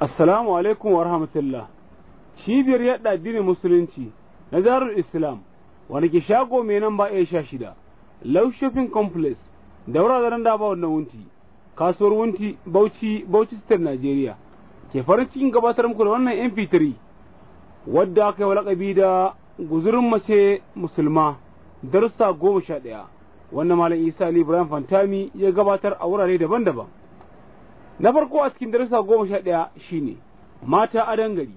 Assalamu alaikum wa rahmatullah. Cibiyar yadda addinin Musulunci na Darul Islam, wani ke shago mai nan ba a sha shida, Low Shopping Complex, da wuraren da ba wannan wunti, kasuwar wunti Bauchi, Bauchi State, Najeriya, ke farin cikin gabatar muku da wannan MP3, wadda aka yi lakabi da guzurin mace musulma, darussa goma sha ɗaya, wannan Malam Isa Ali Ibrahim Fantami ya gabatar a wurare daban-daban. na farko a cikin darasa goma sha ɗaya shine mata a gari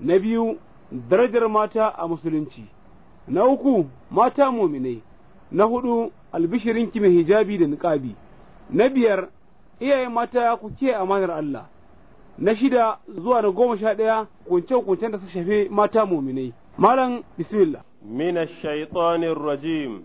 na biyu darajar mata a musulunci na uku mata mominai, na hudu albishirinki mai hijabi da niƙabi na biyar iyayen mata ku ke amanar Allah na shida zuwa na goma sha ɗaya kunce-kuncen da su shafe mata mominai. malam bismillah Mina shaitanin rajim,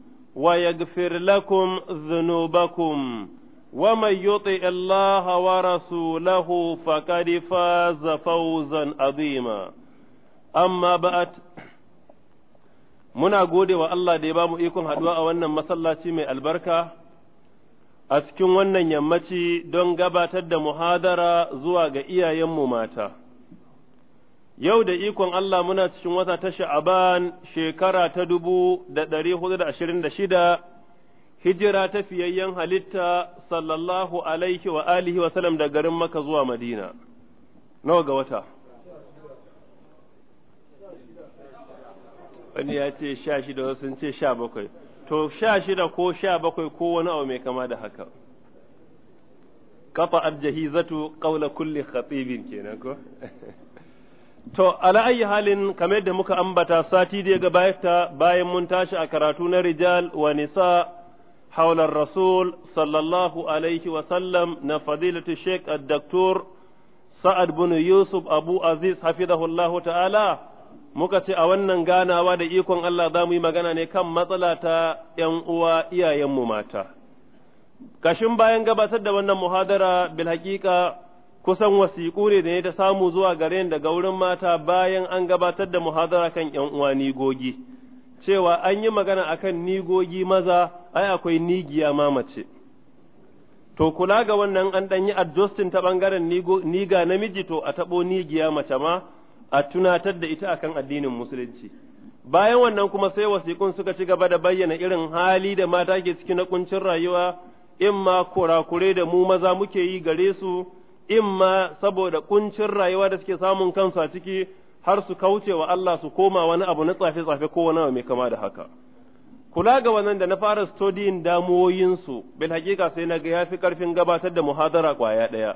ويغفر لكم ذنوبكم ومن يطع الله ورسوله فقد فاز فوزا عظيما amma بعد muna gode wa Allah da ya bamu ikon haɗuwa a wannan masallaci mai albarka a cikin wannan yammaci don gabatar da muhadara zuwa ga iyayenmu mata. Yau da ikon Allah muna cikin wata ta sha'aban shekara ta dubu da ɗari hudu da ashirin da shida, hijira ta fiyayyen halitta sallallahu alaihi wa alihi wa salam da garin maka zuwa Madina. Nawa ga wata? Wani ya ce sha shida wasu sun ce sha bakwai. To sha shida ko sha bakwai ko wani abu mai kama da haka. Kafa zato ƙaula kulli khatibin kenan ko? To, ala ayi halin kamar yadda muka ambata sati da gabata bayan mun tashi a karatu na rijal wa nisa haular rasul sallallahu alaihi wasallam na fadilatu sheik addaktur sa'ad bin Yusuf Abu Aziz hafizahullahu ta'ala muka ce a wannan ganawa da ikon Allah za mu yi magana ne kan matsala ta ‘yan uwa iyayenmu mata. Kashin bayan gabatar da wannan muhadara bil haƙiƙa kusan wasiƙu ne da ne ta samu zuwa gare ni daga wurin mata bayan an gabatar da muhadara kan ‘yan uwa nigogi, cewa an yi magana akan nigogi maza, ai akwai nigiya ma mace. To kula ga wannan an ɗan yi adjustin ta ɓangaren niga namiji to a taɓo nigiya mace ma a tunatar da ita akan addinin musulunci. Bayan wannan kuma sai wasiƙun suka ci gaba da bayyana irin hali da mata ke ciki na kuncin rayuwa, in ma kurakure da mu maza muke yi gare su. imma saboda kuncin rayuwa da suke samun kansu a ciki har su kauce wa Allah su koma wani abu na tsafe-tsafe ko wani mai kama da haka. Kula ga wannan da na fara studying damuwoyinsu, bil hakika sai na ga ya fi ƙarfin gabatar da muhadara ƙwaya ɗaya.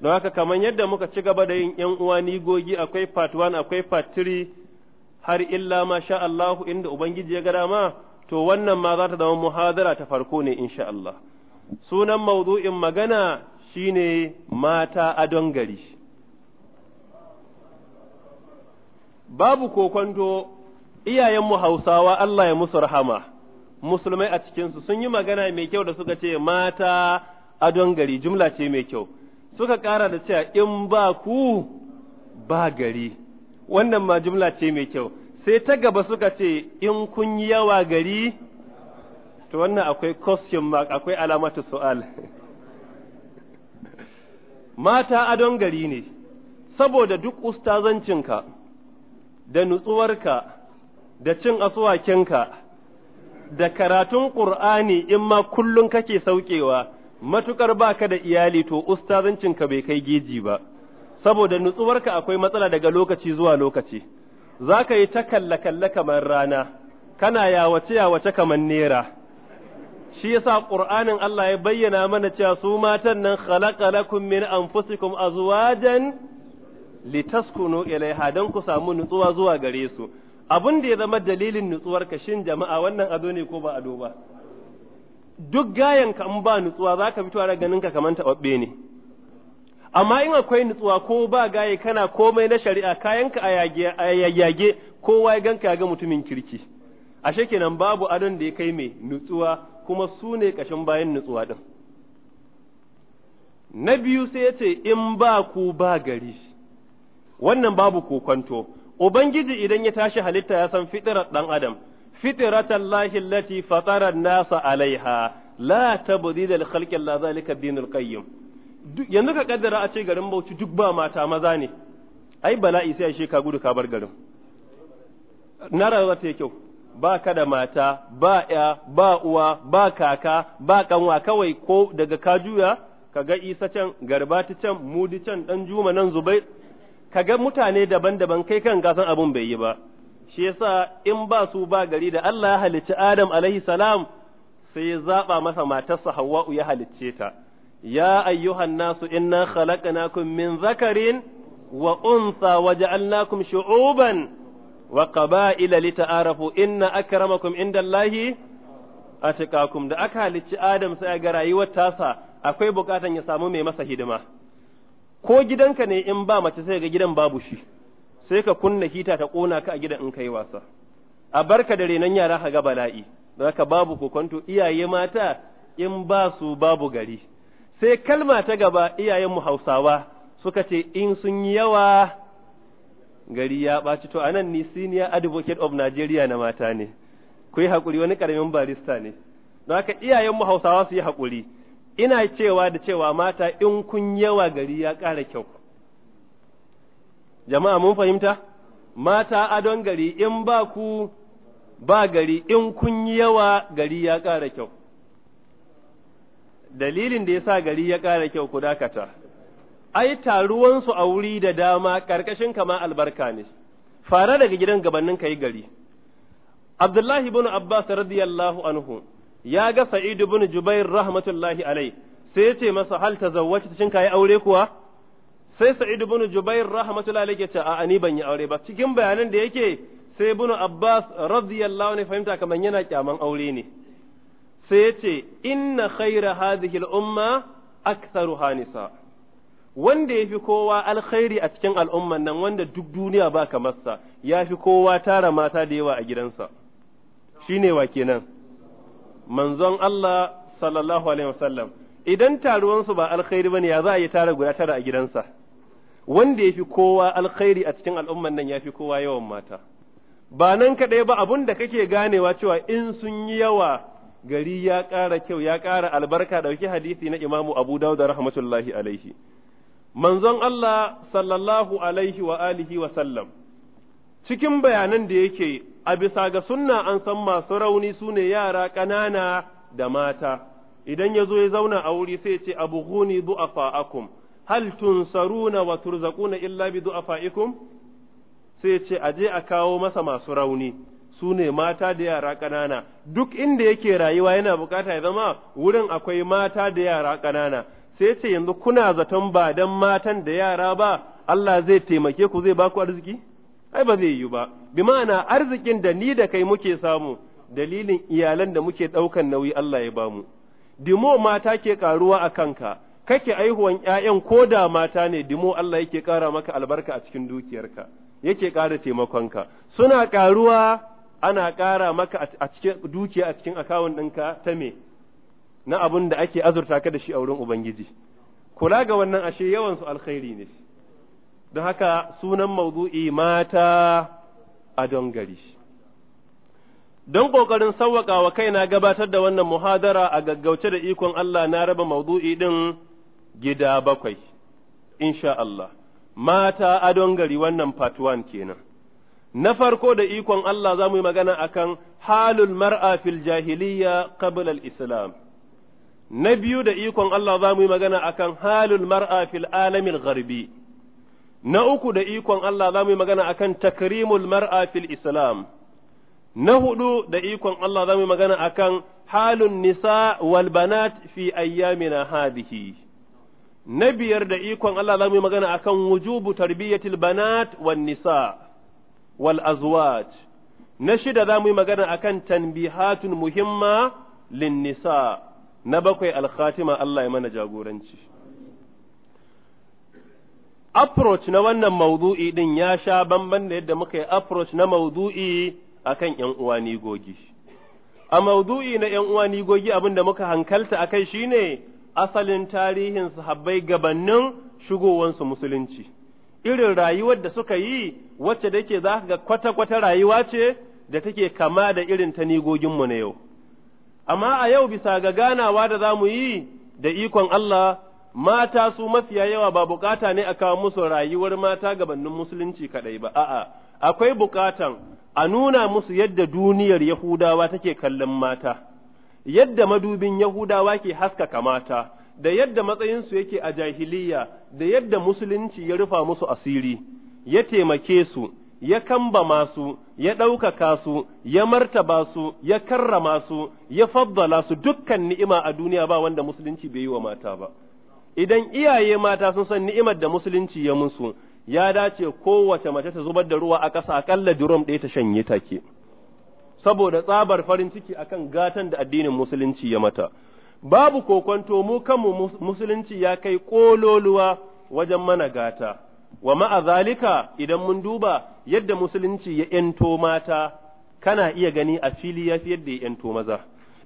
Don haka kamar yadda muka ci gaba da yin ‘yan uwa gogi akwai part 1 akwai part 3 har illa ma sha Allahu inda Ubangiji ya gada ma, to wannan ma za ta zama muhadara ta farko ne insha Allah. Sunan mawdu'in magana Shi ne mata adon gari babu kokonto iyayenmu hausawa Allah ya musu rahama musulmai a cikinsu sun yi magana mai kyau da suka ce mata adon gari jumla ce mai kyau suka ƙara da cewa in ba ku ba gari wannan ma jumla ce mai kyau sai ta gaba suka ce in kun yi yawa gari to wannan akwai question mark akwai alamatu su'al mata adon gari ne, saboda duk ustazancinka, da nutsuwarka, da cin asuwakinka, da karatun ƙur'ani in ma kullum kake sauƙewa, matukar baka da iyali to ustazancinka bai kai geji ba, saboda nutsuwarka akwai matsala daga lokaci zuwa lokaci, za ka yi ta kalle-kalle kamar rana, kana yawace-yawace kamar nera. shi yasa qur'anin Allah ya bayyana mana cewa su matan nan khalaqa lakum min anfusikum azwajan litaskunu ilaiha dan ku samu nutsuwa zuwa gare su abin da ya zama dalilin nutsuwarka shin jama'a wannan ado ne ko ba ado ba duk gayan ka in ba nutsuwa zaka fito a ganin ka kaman tababbe ne amma in akwai nutsuwa ko ba gaye kana komai na shari'a kayanka a yage kowa ya ganka ya ga mutumin kirki ashe kenan babu adon da ya kai mai nutsuwa kuma su ne ƙashin bayan nutsuwa ɗin. Na biyu sai ya ce, In ba ku ba gari, wannan babu kokwanto, Ubangiji idan ya tashi halitta ya san fitirar ɗan Adam, fitiratan Lati fatarar nasa alaiha, la tabudi da halƙin lazalika dinul Yanzu ka kaddara a ce garin Bauchi duk ba mata maza ne, ai bala'i sai a ka gudu ka bar garin. Na rayuwa ta kyau, ba ka da mata ba ya ba uwa ba kaka ba kanwa kawai ko daga ka juya ka ga isa can garbati can mudi can dan juma nan zubai ka ga mutane daban-daban kai kan gasar abun bai yi ba shi yasa in ba su ba gari da Allah ya halicci Adam alaihi salam sai ya zaba masa matarsa Hawwa'u ya halicce ta ya ayyuhan nasu inna khalaqnakum min zakarin wa unsa waja'alnakum shu'uban wa qaba'ila lita'arafu inna akramakum indallahi atqakum da aka halicci Adam sai ga rayuwar tasa akwai bukatan ya samu mai masa hidima ko gidanka ne in ba mace sai ga gidan babu shi sai ka kunna hita ta kona ka a gidan in kai wasa a barka da renon yara ka ga bala'i don haka babu kokonto iyaye mata in ba su babu gari sai kalma ta gaba iyayen mu Hausawa suka ce in sun yi yawa gari ya ɓaci to anan ni senior advocate of Nigeria na mata ne ku yi haƙuri wani ƙaramin barista ne don haka iyayen mu Hausawa su yi hakuri. ina cewa da cewa mata in kun yawa gari ya ƙara kyau jama'a mun fahimta mata adon gari in ba ku ba gari in kun yawa gari ya ƙara kyau dalilin da ya sa gari ya ƙara kyau ku dakata ai taruwansu a wuri da dama ƙarƙashin kama albarka ne fara daga gidan gabanin ka gari abdullahi ibn abbas radiyallahu anhu ya ga sa'id ibn jubair rahmatullahi alai sai ce masa hal tazawwaj cikin kai aure kuwa sai sa'id ibn jubair rahmatullahi alai yace a ni ban yi aure ba cikin bayanan da yake sai ibn abbas radiyallahu anhu fahimta kamar yana kyaman aure ne sai yace inna khaira hadhihi al-umma aktharuha nisa' wanda ya fi kowa alkhairi a cikin al'umman nan wanda duk duniya ba kamar sa ya fi kowa tara mata da yawa a gidansa shine wa kenan manzon Allah sallallahu alaihi wasallam idan taruwansu ba alkhairi bane ya za a yi tara guda tara a gidansa wanda ya fi kowa alkhairi a cikin al'umman nan ya fi kowa yawan mata ba nan kaɗai ba abun da kake ganewa cewa in sun yi yawa gari ya ƙara kyau ya ƙara albarka ɗauki hadisi na imamu abu dawud rahmatullahi alaihi manzon Allah sallallahu alaihi wa alihi wa sallam cikin bayanan da yake a bisa ga sunna an san masu rauni su ne yara ƙanana da mata idan ya zo ya zauna a wuri sai ce abu huni du'afa'akum hal tunsaruna wa turzaquna illa bi du'afa'ikum sai ce a je a kawo masa masu rauni su ne mata da yara ƙanana duk inda yake rayuwa yana bukata ya zama wurin akwai mata da yara ƙanana sai ce yanzu kuna zaton ba dan matan da yara ba Allah zai taimake ku zai baku arziki ai ba zai yi ba bi ma'ana arzikin da ni da kai muke samu dalilin iyalan da muke ɗaukan nauyi Allah ya bamu dimo mata ke karuwa a kanka kake aihuwan ƴaƴan ko da mata ne dimo Allah yake kara maka albarka a cikin dukiyarka yake kara taimakon ka suna ƙaruwa ana ƙara maka a cikin dukiya a cikin akawun ɗinka ta me na abin da ake azurta ka da shi a wurin ubangiji kula ga wannan ashe yawansu alkhairi ne don haka sunan mawdu'i mata a don gari don ƙoƙarin sauwaƙa wa kaina gabatar da wannan muhadara a gaggauce da ikon Allah na raba mawdu'i ɗin gida bakwai insha Allah mata a don gari wannan part kenan na farko da ikon Allah za mu yi magana akan halul mar'a fil jahiliya qabla al-islam na biyu da ikon Allah za mu yi magana akan halul mar'a fil alamil gharbi na uku da ikon Allah za mu yi magana akan takrimul mar'a fil islam na hudu da ikon Allah za mu yi magana akan halun nisa wal banat fi ayyamina hadihi. na biyar da ikon Allah za mu yi magana akan wujubu tarbiyatil banat wan nisa wal azwaj na shida za mu yi magana akan tanbihatun muhimma lin nisa na bakwai alkhatima Allah ya mana jagoranci approach na wannan maudu'i din ya sha bamban da yadda muka yi approach na maudu'i akan yan uwa gogi a maudu'i na yan uwa gogi abin da muka hankalta akai shine asalin tarihin sahabbai gabannin shigowansu musulunci irin rayuwar da suka yi wacce da ke za ga kwata-kwata rayuwa ce da take kama da irin ta mu na yau amma a yau bisa ga ganawa da za mu yi da ikon Allah mata su mafiya yawa ba bukata ne a kawo musu rayuwar mata gabanin musulunci kaɗai ba a'a akwai bukatan a nuna musu yadda duniyar Yahudawa take kallon mata yadda madubin Yahudawa ke haskaka mata da yadda matsayinsu yake a jahiliya da yadda musulunci ya rufa musu asiri ya taimake su ya kamba masu ya ɗaukaka su ya martaba su ya karrama su ya faddala su dukkan ni'ima a duniya ba wanda musulunci bai yi wa mata ba idan iyaye mata sun san ni'imar da musulunci ya musu ya dace kowace mace ta zubar da ruwa a ƙasa akalla durom ɗaya ta shanye take saboda tsabar farin ciki akan gatan da addinin musulunci ya mata babu kokonto mu kanmu musulunci ya kai ƙololuwa wajen mana gata wa ma'azalika, idan mun duba yadda musulunci ya ‘yanto mata kana iya gani a fili ya fi yadda ya ‘yanto maza,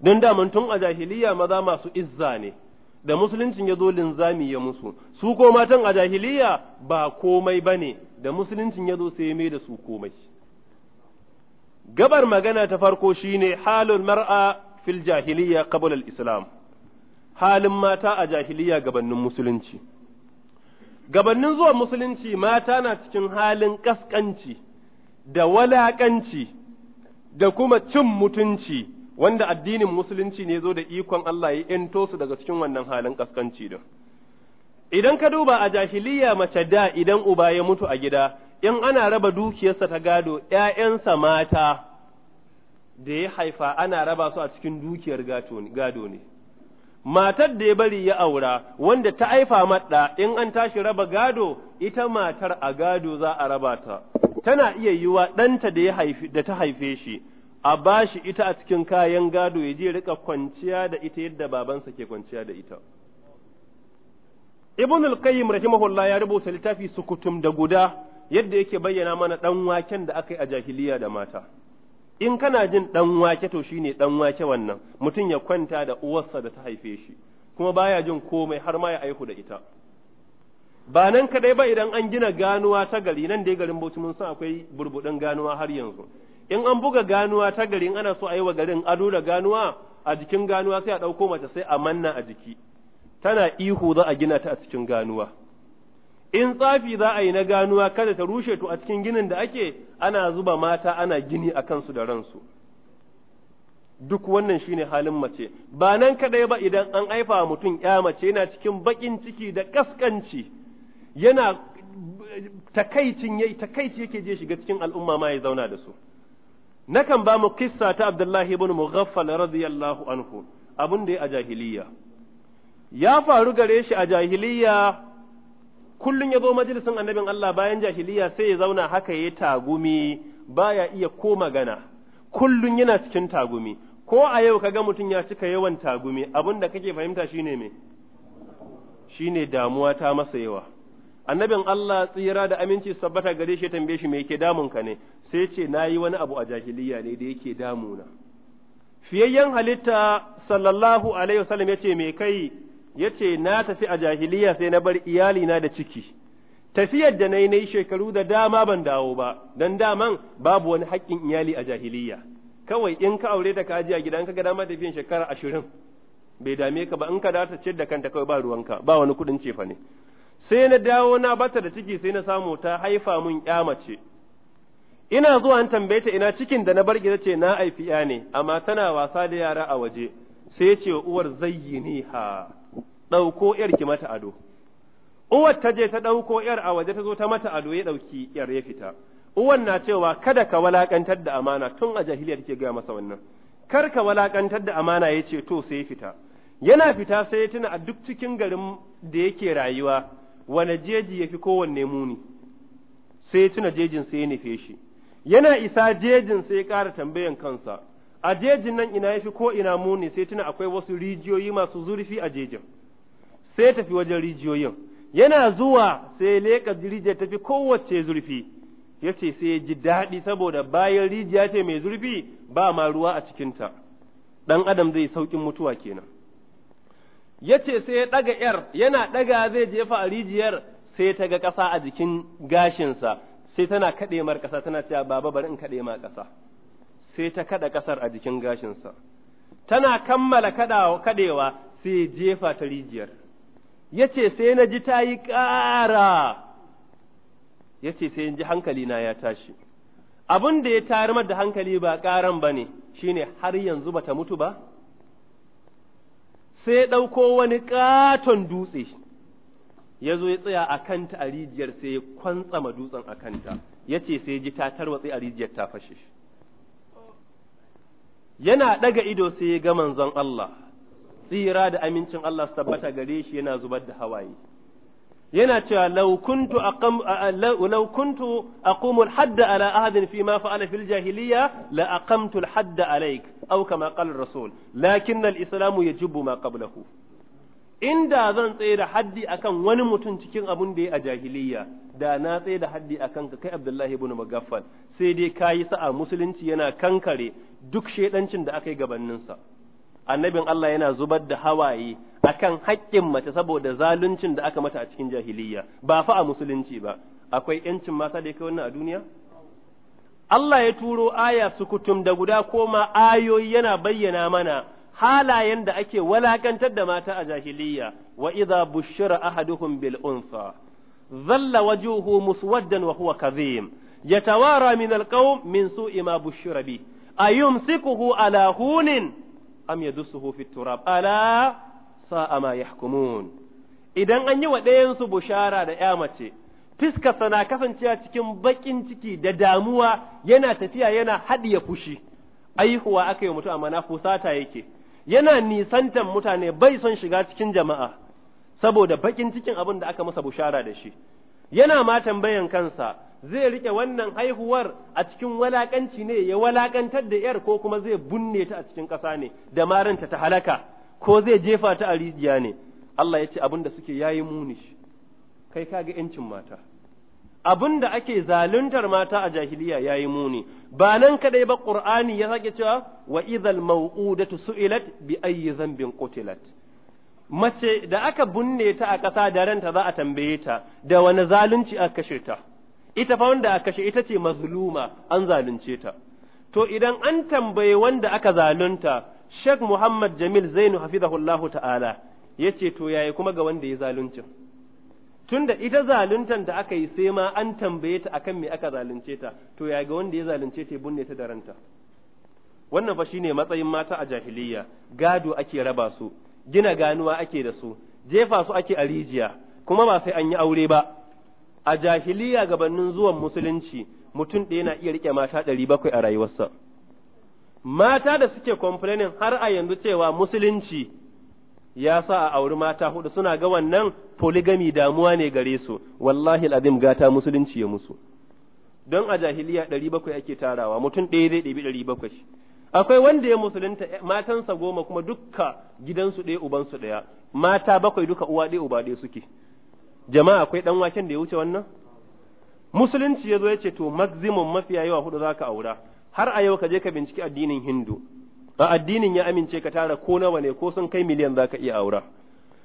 don daman tun a jahiliya maza masu izza ne, da musuluncin ya zo linzami ya musu, su ko matan a jahiliya ba komai ba ne, da musuluncin ya zo sai mai da su komai. Gabar magana ta farko shine halin mar'a fil jahiliya qabla al-islam halin mata a jahiliya gabanin musulunci. gabanin zuwa musulunci mata na cikin halin ƙasƙanci da walaƙanci da kuma cin mutunci wanda addinin musulunci ne zo da ikon Allah ya ‘yanto su daga cikin wannan halin kaskanci din. Idan ka duba a jahiliya mace da idan uba ya mutu a gida, in ana raba dukiyarsa ta gado ‘ya'yansa mata da ya haifa ana raba su a cikin dukiyar gado ne. matar da ya bari ya aura wanda ta aifa maɗa, in an tashi raba gado ita matar a gado za a raba ta tana iya yiwa ɗanta da da ta haife shi a bashi ita a cikin kayan gado ya je rika kwanciya da ita yadda babansa ke kwanciya da ita Ibn al-Qayyim rahimahullah ya rubuta littafi sukutum da guda yadda yake bayyana mana ɗan waken da aka yi a jahiliya da mata in kana jin ɗan wake to shine ɗan wake wannan mutum ya kwanta da uwarsa da ta haife shi kuma baya jin komai har ma ya aihu da ita ba nan kadai ba idan an gina ganuwa ta gari nan dai garin Bauchi mun san akwai burbudin ganuwa har yanzu in an buga ganuwa ta gari in ana so a yi wa garin ado da ganuwa a jikin ganuwa sai a ɗauko mace sai a manna a jiki tana ihu za a gina ta a cikin ganuwa in tsafi za a yi na ganuwa kada ta rushe to a cikin ginin da ake ana zuba mata ana gini a kansu da ransu duk wannan shine halin mace ba nan kadai ba idan an aifa mutum ya mace yana cikin bakin ciki da kaskanci yana takaicin yayi takaici yake je shiga cikin al'umma ma ya zauna da su nakan ba mu kissa ta Abdullahi ibn Mughaffal radiyallahu anhu abun da ya a jahiliya ya faru gare shi a jahiliya Kullum ya zo majalisin annabin Allah bayan jahiliya sai ya zauna haka ya tagumi baya iya ko magana kullum yana cikin tagumi ko a yau kaga mutum ya cika yawan tagumi abin da kake fahimta shine me shine damuwa ta masa yawa annabin Allah tsira da aminci sabbata gare shi tambaye shi me yake ka ne sai ce nayi wani abu a jahiliya ne da yake damuna fiyayyen halitta sallallahu alaihi wasallam yace me kai yace na tafi a jahiliya sai na bar iyalina da ciki tafiyar da na yi na yi shekaru da dama ban dawo ba don daman babu wani haƙƙin iyali a jahiliya kawai in ka aure ta kaji a gidan ka ga dama tafiyan shekara ashirin bai dame ka ba in ka dace ce da kanta kai ba ruwanka ba wani kuɗin cefa ne sai na dawo na bata da ciki sai na samu ta haifa mun ƴa mace ina zuwa an tambaye ta ina cikin da na bar gida ce na haifi ne amma tana wasa da yara a waje sai ce uwar zayyiniha ɗauko ‘yar ki mata ado. Uwar ta je ta ɗauko ‘yar a waje ta zo ta mata ado ya ɗauki ‘yar ya fita. Uwan na cewa kada ka walakantar da amana tun a jahiliya take gaya masa wannan. Kar ka walakantar da amana ya ce to sai fita. Yana fita sai ya tuna a duk cikin garin da yake rayuwa wane jeji ya fi kowanne muni. Sai ya tuna jejin sai ya nufe shi. Yana isa jejin sai ya ƙara tambayan kansa. A jejin nan ina ya fi ko ina muni sai tuna akwai wasu rijiyoyi masu zurfi a jejin. sai tafi wajen rijiyoyin yana zuwa sai leƙa leka rijiyar tafi kowace zurfi ya ce sai ji daɗi saboda bayan rijiya ce mai zurfi ba ma ruwa a cikinta ɗan adam zai sauƙin mutuwa kenan ya ce sai ya ɗaga ‘yar yana ɗaga zai jefa a rijiyar sai ta ga ƙasa a jikin gashinsa sai tana kaɗe mar ƙasa tana cewa baba bari in kaɗe ma ƙasa sai ta kaɗa ƙasar a jikin gashinsa tana kammala kaɗewa sai jefa ta rijiyar yace sai na ji ta yi ƙara ya sai in ji hankalina ya tashi abin da ya tarimar da hankali ba ƙaran bane shine har yanzu bata mutu ba sai ɗauko wani ƙaton dutse ya zo ya tsaya a kanta a rijiyar sai ya kwantsama dutsen a kanta ya ce sai ji ta tarwatsi a rijiyar ta fashe yana ɗaga ido sai ya ga manzon Allah tsira da amincin Allah su tabbata gare shi yana zubar da hawaye yana cewa laukuntu kuntu a law hadda ala ahadin fi ma fa'ala fil jahiliyya la aqamtu hadda hadd alayk kama qala rasul lakin al-islam yajibu ma qablahu inda zan tsaye da haddi akan wani mutum cikin abun da ya a jahiliyya da na tsaye da haddi akan ka kai Abdullahi ibn Mugaffal sai dai kayi sa'a musulunci yana kankare duk shedancin da aka yi gabaninsa sa annabin Allah yana zubar da hawaye akan haƙƙin mace saboda zaluncin da aka mata a cikin jahiliya ba fa a musulunci ba akwai yancin mata da yake wannan a duniya Allah ya turo aya sukutum da guda koma ayoyi yana bayyana mana halayen da ake walakantar da mata a jahiliya wa idza bushira ahaduhum bil unsa zalla wajuhu muswaddan wa huwa kadhim yatawara min al su min su'i ma bushira bi ayumsikuhu ala hunin am yadussuhu fi turab ala sa'a ma yahkumun idan an yi wa ɗayansu su bushara da ya mace fiskarsa sana kasancewa cikin baƙin ciki da damuwa yana tafiya yana haɗiye fushi aihuwa aka yi mutu amma na fusata yake yana nisantan mutane bai son shiga cikin jama'a saboda baƙin cikin abin da aka masa bushara da shi yana ma tambayan kansa zai rike wannan haihuwar a cikin walakanci ne ya walakantar da yar ko kuma zai bunne ta a cikin ƙasa ne da maranta ta halaka ko zai jefa ta a rijiya ne Allah ya ce abin da suke yayi muni kai kaga yancin mata abin da ake zaluntar mata a jahiliya yayi muni ba nan kadai ba qur'ani ya sake cewa wa idhal maw'udatu su'ilat bi ayyi dhanbin qutilat mace da aka bunne ta a ƙasa da ranta za a tambaye ta da wani zalunci aka kashe ta ita fa wanda aka kashe ita ce mazluma an zalunce ta to idan an tambaye wanda aka zalunta Sheikh Muhammad Jamil Zainu hafizahullahu ta'ala yace to yayi kuma ga wanda ya zaluncin tunda ita zaluntan da aka yi sai ma an tambaye ta akan me aka zalunce ta to ya ga wanda ya zalunce ta bunne ta da ranta wannan fa shine matsayin mata a jahiliyya gado ake raba su gina ganuwa ake da su jefa su ake a rijiya kuma ba sai an yi aure ba a jahiliya gabanin zuwan musulunci mutum ɗaya na iya riƙe mata ɗari bakwai a rayuwarsa mata da suke complaining har a yanzu cewa musulunci ya sa a auri mata hudu suna ga wannan polygamy damuwa ne gare su wallahi al'azim gata musulunci ya musu don a jahiliya ɗari bakwai ake tarawa mutum ɗaya zai ɗebi ɗari bakwai akwai wanda ya musulunta eh, matansa goma kuma duka gidansu ɗaya ubansu ɗaya mata bakwai duka uwa ɗaya uba ɗaya suke jama'a akwai dan waken da ya wuce wannan musulunci ya zo ya ce to maximum mafiya yawa hudu zaka aura har a yau ka je ka binciki addinin hindu a addinin ya amince ka tara ko nawa ne ko sun kai miliyan zaka iya aura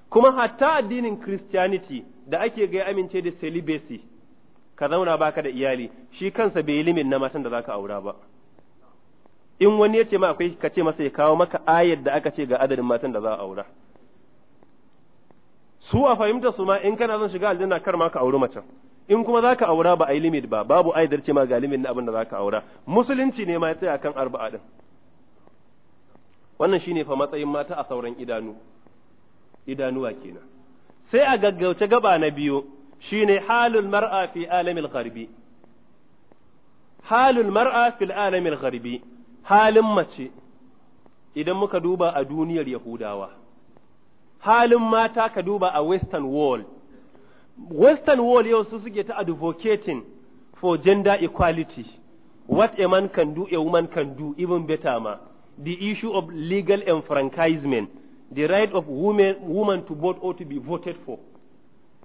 kuma hatta addinin christianity da ake ga ya amince da celibacy ka zauna baka da iyali shi kansa bai limin na matan da zaka aura ba in wani ya ce ma akwai kace ce masa ya kawo maka ayar da aka ce ga adadin matan da za a aura su a fahimta su ma in kana zan shiga aljanna kar ma ka auri macen in kuma za ka aura ba a yi limit ba babu aidar ce ma ga limit na abin da za ka aura musulunci ne ma ya tsaya kan arba'a din wannan shine fa matsayin mata a sauran idanu idanuwa kenan sai a gaggauce gaba na biyu shine halul mar'a fi alamil gharbi halul mar'a fil alamil gharbi halin mace idan muka duba a duniyar yahudawa halin mata ka duba a western world western world yau su suke ta advocating for gender equality what a man can do a woman can do even better ma the issue of legal enfranchisement the right of women woman to vote or to be voted for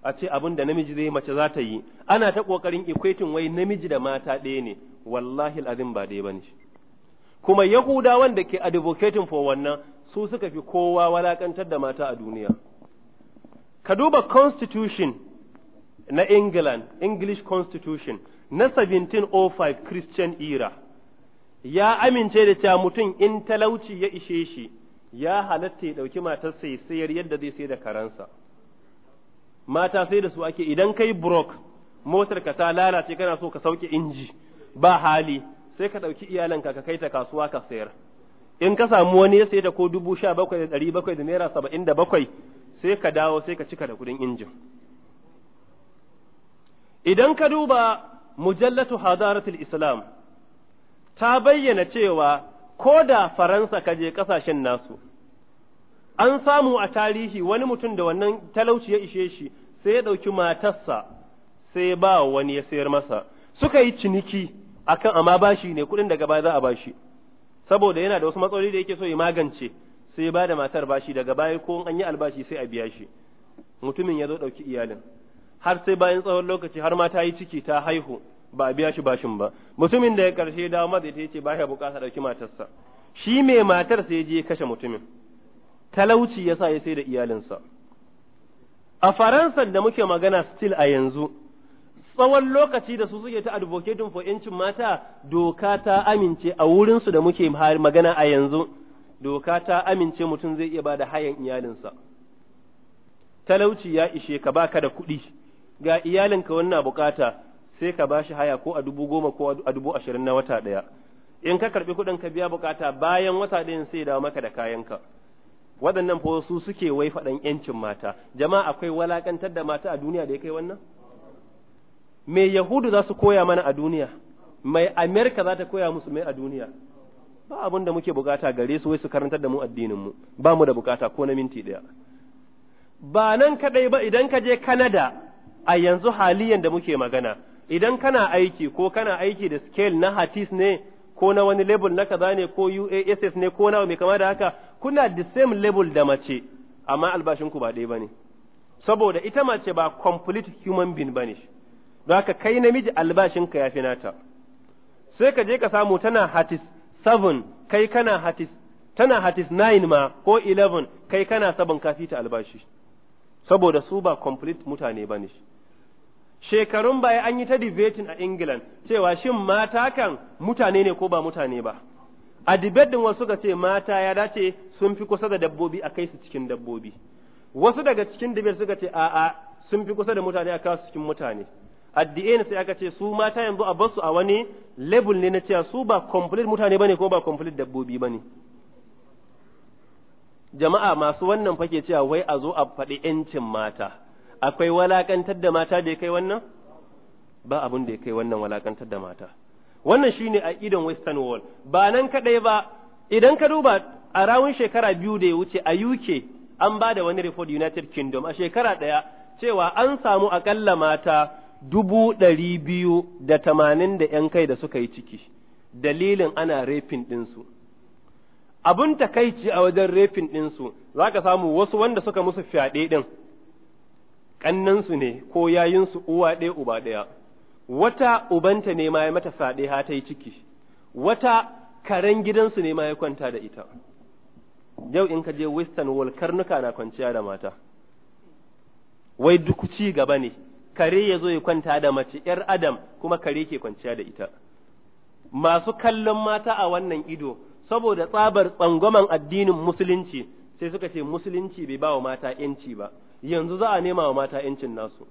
a ce abin da namiji zai mace za ta yi ana ta kokarin equating wai namiji da mata ɗaya ne wallahi al'azim ba ɗaya bane kuma yahudawan da ke advocating for wannan su suka fi kowa walakantar da mata a duniya ka duba constitution na England English constitution na 1705 Christian era ya amince da cewa mutum in talauci ya ishe shi ya halatta ya ɗauki matarsa ya sayar yadda zai sayar da karansa mata sai da su ake idan kai brok motar ka ta lalace kana so ka sauke inji ba hali sai ka ɗauki iyalanka ka kai ta kasuwa ka sayar in ka samu wani ya sai da ko dubu sha bakwai da ɗari bakwai da naira saba'in da bakwai sai ka dawo sai ka cika da kuɗin injin idan ka duba mujallatu hadaratul islam ta bayyana cewa ko da faransa ka je ƙasashen nasu an samu a tarihi wani mutum da wannan talauci ya ishe shi sai ya ɗauki matarsa sai ba wani ya sayar masa suka yi ciniki akan amma bashi ne kuɗin daga baya za a bashi saboda yana da wasu matsaloli da yake so ya magance sai ya bada matar bashi daga baya ko an yi albashi sai a biya shi mutumin ya zo ɗauki iyalin har sai bayan tsawon lokaci har ma ta yi ciki ta haihu ba a biya shi bashin ba mutumin da ya karshe dawo mata ya ce ba ya bukata ɗauki matarsa shi mai matar sai je kashe mutumin talauci yasa ya sai da iyalinsa a faransa da muke magana still a yanzu tsawon lokaci da su suke ta advocating for ‘yancin mata, doka ta amince a wurinsu da muke magana a yanzu, doka ta amince mutum zai iya ba da hayan iyalinsa. Talauci ya ishe ka baka da kuɗi, ga iyalinka wannan bukata sai ka ba shi haya ko a dubu goma ko a dubu ashirin na wata ɗaya. In ka karɓi kuɗin ka biya bukata bayan wata ɗayan sai dawo maka da kayanka. Waɗannan fa su suke wai faɗan ‘yancin mata, jama'a akwai walakantar da mata a duniya da ya kai wannan? mai yahudu za su koya mana a duniya mai amerika za ta koya musu mai a duniya ba abin da muke bukata gare su wai su karantar da mu addinin mu ba mu da bukata ko na minti ɗaya. ba nan kaɗai ba idan ka je kanada a yanzu haliyan da muke magana idan kana aiki ko kana aiki da scale na Hatis ne ko na wani level na kaza ne ko UASS ne ko na mai kama da haka kuna the same level da mace amma albashinku ba ɗaya ba ne, saboda ita mace ba complete human being ba ne. don haka kai namiji albashinka ya fi nata sai ka je ka samu tana hatis 7 kai kana hatis tana hatis 9 ma ko 11 kai kana saban kafi ta albashi saboda su ba complete mutane ba ne shekarun baya an yi ta debating a England cewa shin mata kan mutane ne ko ba mutane ba a debate din wasu ga ce mata ya dace sun fi kusa da dabbobi a kai su cikin dabbobi wasu daga cikin debate suka ce a'a sun fi kusa da mutane a kai su cikin mutane addi'in sai aka ce su mata yanzu a basu a wani label ne na cewa su ba complete mutane bane ko ba complete dabbobi bane jama'a masu wannan fake cewa wai a zo a faɗi ‘yancin mata akwai walakantar da mata da ya kai wannan ba abin da ya kai wannan walakantar da mata wannan shine a idon western world ba nan kaɗai ba idan ka duba a rawun shekara biyu da ya wuce a uk an ba da wani report united kingdom a shekara ɗaya cewa an samu akalla mata dubu ɗari biyu da tamanin da ‘yan kai da suka yi ciki, dalilin ana refin ɗinsu. Abin takaici a wajen refin ɗinsu, za ka samu wasu wanda suka musu fyaɗe ɗin, ƙannansu ne ko yayinsu uwa ɗaya uba ɗaya. Wata ubanta ne ma ya mata fyaɗe ha ta yi ciki, wata karen gidansu ne ma ya kwanta da ita. Yau in ka je Western Wall karnuka na kwanciya da mata, wai duk ci gaba ne. kare ya zo ya kwanta da mace ‘yar adam kuma kare ke kwanciya da ita. Masu kallon mata a wannan ido, saboda tsabar tsangwaman addinin musulunci, sai suka ce musulunci bai ba wa mata ‘yanci ba, yanzu za a nema wa mata ‘yancin nasu.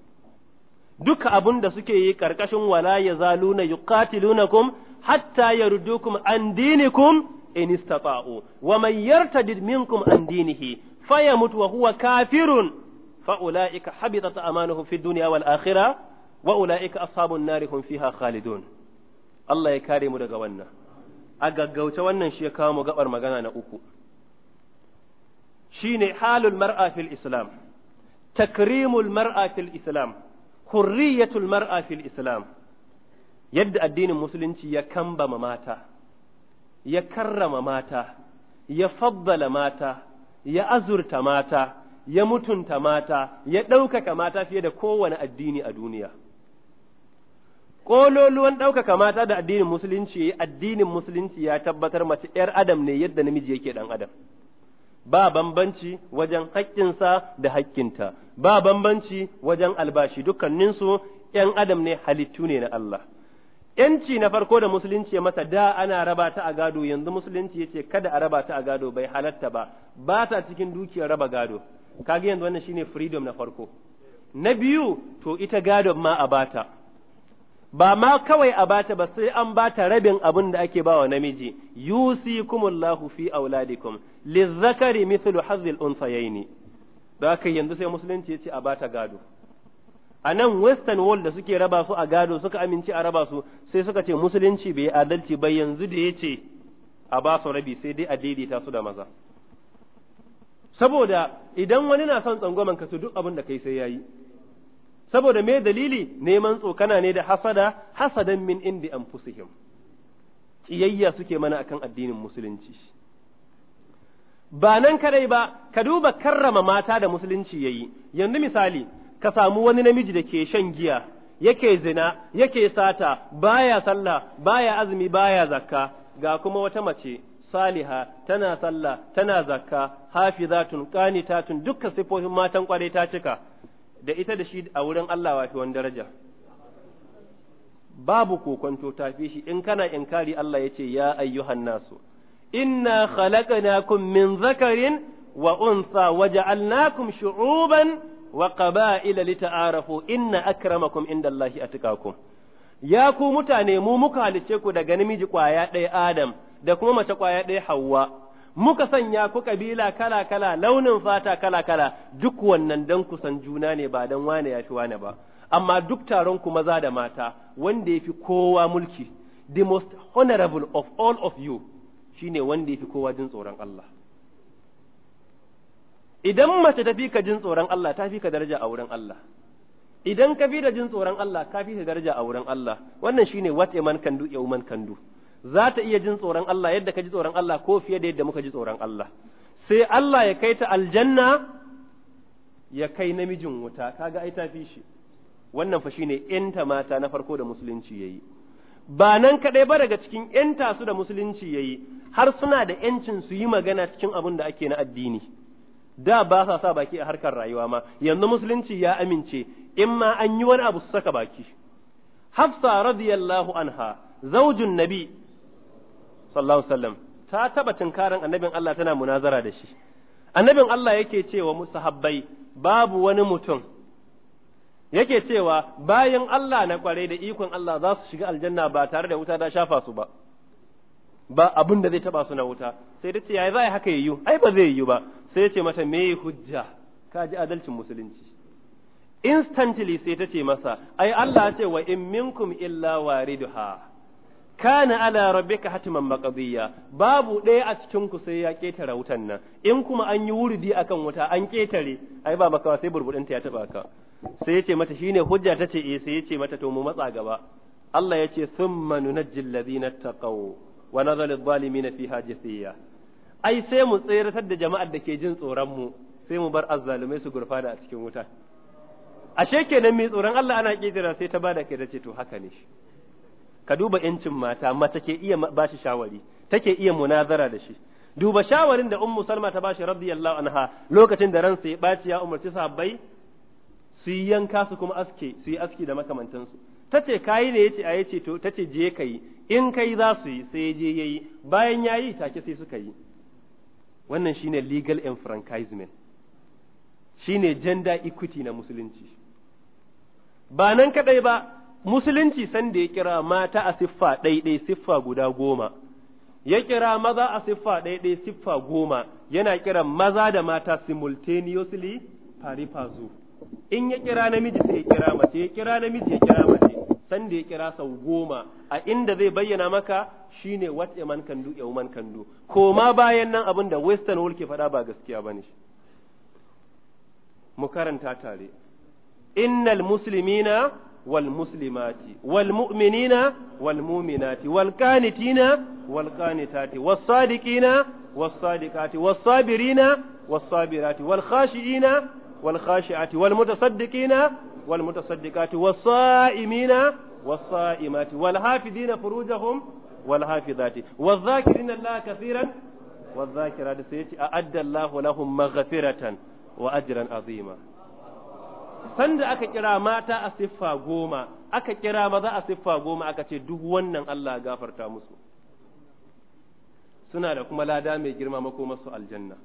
Duka abun da suke yi ƙarƙashin wala ya zaluna kum hatta yardukum an dinikum in istata'u wa man yartadid minkum an dinihi fayamut wa huwa kafirun fa ulaika habitat amanuhum fid dunya wal akhirah wa ulaika ashabun nar hum fiha khalidun Allah ya kare mu daga wannan a gaggauce wannan shi ya kawo mu gabar magana na uku shine halul mar'a fil islam takrimul mar'a fil islam hurriyatul mar'a fil islam yadda addinin musulunci ya kambama mata ya karrama mata ya faddala mata ya azurta mata ya mutunta mata ya ɗaukaka mata fiye da kowane addini a duniya ƙololuwan ɗaukaka mata da addinin musulunci addinin musulunci ya tabbatar mace 'yar adam ne yadda namiji yake ɗan adam ba bambanci wajen haƙƙinsa da haƙƙinta ba bambanci wajen albashi dukkaninsu ‘yan adam ne halittu ne na Allah. ‘Yanci na farko da musulunci ya masa da ana raba ta a gado yanzu musulunci ya ce kada a raba ta a gado bai halatta ba ba ta cikin dukiyar raba gado kaga yanzu wannan shine freedom na farko na biyu to ita gadon ma a bata ba ma kawai a bata ba sai an bata rabin abin da ake bawa namiji yusikumullahu fi auladikum lizzakari mithlu hazzil unsayaini da kai yanzu sai musulunci ya a bata gado a nan western world da suke raba su a gado suka amince a raba su sai suka ce musulunci bai adalci ba yanzu da yace a ba su rabi sai dai a daidaita su da maza saboda idan wani na son tsangwamen ka to duk abin da kai sai ya yi saboda me dalili neman tsokana ne da hasada hasadan min indi an fusihim ƙiyayya suke mana akan addinin musulunci ba nan kadai ba ka duba karrama mata da musulunci yayi yanzu misali ka samu wani namiji da ke shan giya yake zina yake sata baya sallah baya azumi baya zakka ga kuma wata mace saliha tana sallah tana zakka hafizatun qanitatun dukkan sifofin matan kwarai ta cika da ita da shi a wurin Allah wafi wani daraja babu kokonto fi shi in kana inkari Allah ya ce ya ayyuhan nasu inna khalaqnakum min zakarin wa unsa waja'alnakum shu'uban wa qaba'ila lita'arafu inna akramakum indallahi atqakum ya ku mutane mu muka halice ku daga namiji kwaya ɗaya Adam da kuma mace kwaya ɗaya hawa muka sanya ku kabila kala kala launin fata kala kala duk wannan dan kusan juna ne ba dan wane ya fi wane ba amma duk taron ku maza da mata wanda ya fi kowa mulki the most honorable of all of you shine wanda ya fi kowa jin tsoron Allah idan mace ta fi ka jin tsoron Allah ta fi ka daraja a wurin Allah idan ka fi da jin tsoron Allah ka fi ka daraja a wurin Allah wannan shine what a man can do a woman can do za ta iya jin tsoron Allah yadda ka ji tsoron Allah ko fiye da yadda muka ji tsoron Allah sai Allah ya kai ta aljanna ya kai namijin wuta kaga ai tafi shi wannan fa shine yanta mata na farko da musulunci yayi ba nan kadai ba daga cikin yanta su da musulunci yayi har suna da yancin su yi magana cikin abin da ake na addini da ba sa sa baki a harkar rayuwa ma yanzu musulunci ya amince in ma an yi wani abu su saka baki hafsa radiyallahu anha zaujun nabi sallallahu alaihi wasallam ta taba tunkarin annabin Allah tana munazara da shi annabin Allah yake cewa musahabbai babu wani mutum yake cewa bayan Allah na kwarai da ikon Allah za su shiga aljanna ba tare da wuta ta shafa su ba ba abin da zai taba su na wuta sai ta ce yayi za haka yiwu ai ba zai yi ba sai ya ce mata me hujja ka ji adalcin musulunci instantly sai ta ce masa ai Allah ya ce wa in minkum illa wariduha kana ala rabbika hatiman maqdiya babu ɗaya a cikin ku sai ya ketare wutan nan in kuma an yi wurdi akan wuta an ketare ai ba maka sai burbudin ta ya taba ka sai yace mata shine hujja tace eh sai yace mata to mu matsa gaba Allah yace thumma nunajjil ladina taqaw wa nadhal adh-dhalimin fi jithiya ai sai mu tseratar da jama'ar da ke jin tsoron mu sai mu bar azzalumai su gurfada a cikin wuta ashe kenan mai tsoron Allah ana ketara sai ta bada kai tace to haka ne ka duba yancin mata mace ke iya ba shi shawari take iya munazara da shi duba shawarin da ummu salma ta bashi radiyallahu anha lokacin da ransa ya baci ya umarci sahabbai su yi yanka su kuma aske su yi aski da makamantan ta ce kai ne yace a yace to tace je kai in kai za su yi sai je yayi bayan yayi take sai suka yi wannan shine legal enfranchisement shine gender equity na musulunci ba nan kadai ba musulunci sanda ya kira mata a siffa ɗaiɗai siffa guda goma ya kira maza a siffa ɗaiɗai siffa goma yana kira maza da mata simultaneously pari in ya kira namiji sai ya kira mace ya kira namiji ya kira mace sanda ya kira sau goma a inda zai bayyana maka shine what a man can do a woman can do koma bayan nan abin da western world ke faɗa ba gaskiya ba bane mu karanta tare innal muslimina والمسلمات والمؤمنين والمؤمنات والكانتين والكانتات والصادقين والصادقات والصابرين والصابرات والخاشعين والخاشعات والمتصدقين والمتصدقات والصائمين والصائمات والحافظين فروجهم والحافظات والذاكرين الله كثيرا والذاكرات سيأتي أعد الله لهم مغفرة وأجرا عظيما sanda aka kira mata a siffa goma aka kira maza a siffa goma aka ce duk wannan Allah gafarta musu suna da kuma lada mai girma mako masu aljanna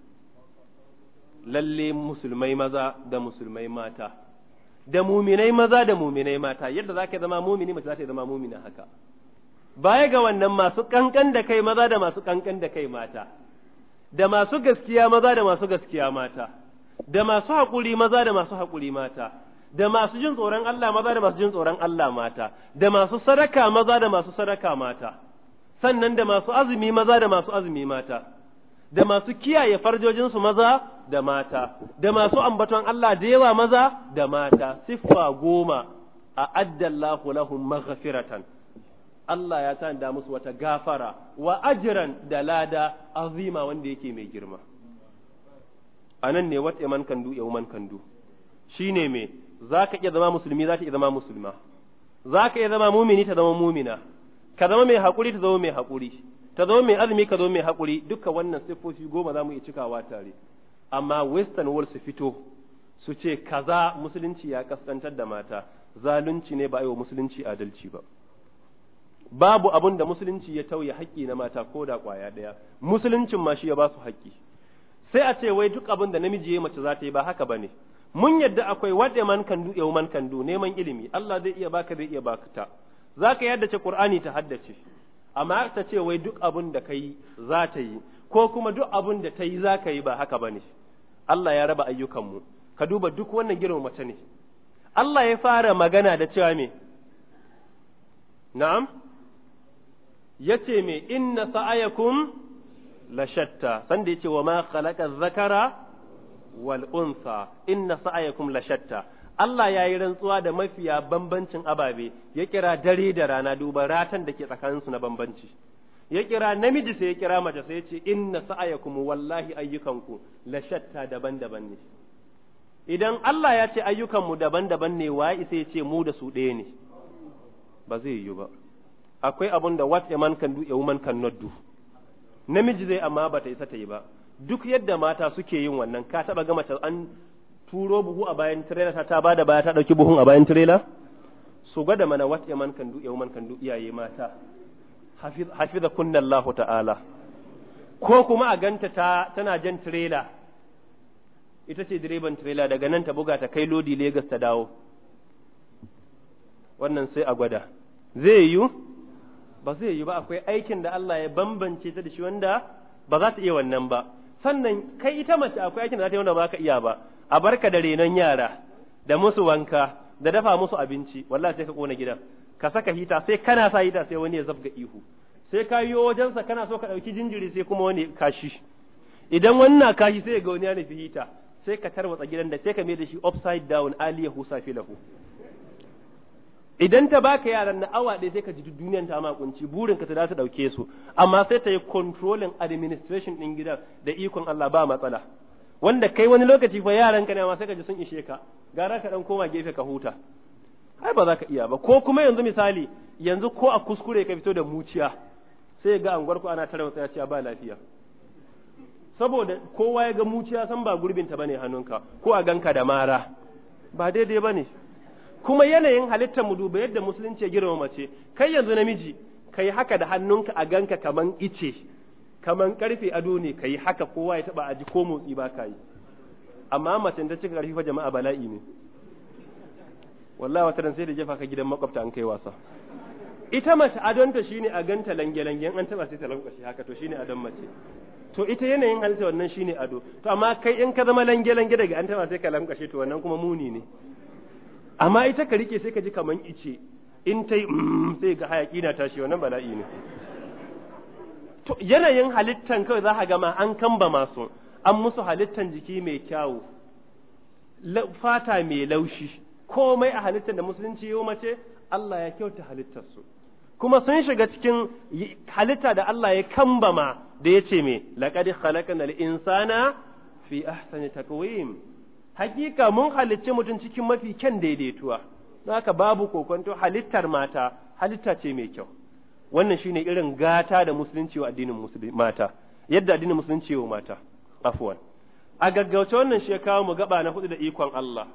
lalle musulmai maza da musulmai mata da muminai maza da muminai mata yadda za ka zama mumini mace za ta zama mumina haka baya ga wannan masu kankan da kai maza da masu kankan da kai mata da masu gaskiya maza da masu gaskiya mata da masu haƙuri maza da masu haƙuri mata da masu jin tsoron Allah maza da masu jin tsoron Allah mata da masu sadaka maza da masu sadaka mata sannan da masu azumi maza da masu azumi mata da masu kiyaye farjojinsu maza da mata da masu ambaton Allah da yawa maza da mata siffa goma a addallahu lahum maghfiratan Allah ya tanda musu wata gafara wa ajran da lada azima wanda yake mai girma a nan ne wat man kandu ya man kandu shine me zaka iya zama musulmi zaka iya zama musulma zaka iya zama mumini ta zama mumina ka zama mai hakuri ta zama mai hakuri ta zama mai azumi ka zama mai hakuri duka wannan siffofi goma za mu iya cikawa tare amma western world su fito su ce kaza musulunci ya kaskantar da mata zalunci ne ba a yi wa musulunci adalci ba babu abin da musulunci ya tauye haƙƙi na mata ko da ƙwaya ɗaya musuluncin ma shi ya ba su haƙƙi sai a ce wai duk abin da namiji ya mace za ta yi ba haka bane mun yadda akwai wadda man kan du man kan neman ilimi Allah zai iya baka zai iya baka ta zaka ce Qur'ani ta haddace amma ta ce wai duk abin da kai za ta yi ko kuma duk abin da ta yi za ka yi ba haka bane Allah ya raba ayyukanmu ka duba duk wannan girma mace ne Allah ya fara magana da cewa me na'am yace me inna sa'ayakum Lashatta sanda sanda yace wa ma khalaqa zakara wal unsa inna sa'ayakum lashatta Allah ya yi rantsuwa da mafiya bambancin ababe ya kira dare da rana duba ratan da ke tsakaninsu na bambanci ya kira namiji sai ya kira mace sai ya ce inna sa'ayakum wallahi ayyukanku lashatta daban-daban ne idan Allah ya ce ayyukanmu daban-daban ne wa sai ya ce mu da su ɗaya ne ba zai yi ba akwai abun da what a man can do a woman cannot do namiji zai amma bata isa ta yi ba duk yadda mata suke yin wannan ka taba ga mace an turo buhu a bayan tirela ta ta da baya ta dauki buhun a bayan tirela su gwada mana what a man can do a woman can do iyaye mata hafiza kunna Allah ta'ala ko kuma a ganta ta tana jan tirela ita ce direban tirela daga nan ta buga ta kai lodi Lagos ta dawo wannan sai a gwada zai yiwu ba zai yi ba akwai aikin da Allah ya bambance ta da shi wanda ba za ta iya wannan ba sannan kai ita mace akwai aikin da za ta yi wanda ba ka iya ba a barka da renon yara da musu wanka da dafa musu abinci wallahi sai ka kona gidan ka saka hita sai kana sa hita sai wani ya zabga ihu sai ka yi wajensa kana so ka ɗauki jinjiri sai kuma wani kashi idan wannan kashi sai ga wani ya nufi hita sai ka tarwatsa gidan da sai ka mai da shi upside down aliyahu safilahu idan ta baka yaran na awa ɗaya sai ka ji duniyan ta makunci burin ka ta za ta ɗauke su amma sai ta yi kontrolin administration ɗin gidan da ikon Allah ba matsala wanda kai wani lokaci fa yaran ka ne amma sai ka ji sun ishe ka gara ka ɗan koma gefe ka huta ai ba za ka iya ba ko kuma yanzu misali yanzu ko a kuskure ka fito da muciya sai ga an ku ana tare tsaya a ba lafiya saboda kowa ya ga muciya san ba gurbinta bane hannunka ko a ganka da mara ba daidai bane kuma yanayin halittar mu duba yadda musulunci ya girma mace kai yanzu namiji kai haka da hannunka a ganka kaman ice kaman karfe ado ne kai haka kowa ya taba aji ko motsi ba ka yi amma mace ta cika karfi fa jama'a bala'i ne wallahi wata ran sai da jefa ka gidan makwabta an kai wasa ita mace adonta shine a ganta lange-langen an taba sai ta lankwashe haka to shine adon mace to ita yanayin halitta wannan shine ado to amma kai in ka zama lange-lange daga an taba sai ka lankwashe to wannan kuma muni ne amma ita ka rike sai ka ji kaman ice in ta yi mm, sai ga hayaki na tashi wannan bala'i ne to yanayin halittan kawai za ka gama an kamba masu an musu halittan jiki mai kyawu fata mai laushi komai a halittan da musulunci yau mace Allah ya kyauta halittarsu kuma sun shiga cikin halitta da Allah ya kambama da ya ce me laqad khalaqnal insana fi ahsani taqwim hakika mun halicci mutum cikin mafi kyan daidaituwa don haka babu kokonto halittar mata halitta ce mai kyau wannan shine irin gata da musulunci wa addinin mata yadda addinin musulunci wa mata afwan a gaggauce wannan shi ya kawo mu gaba na hudu da ikon Allah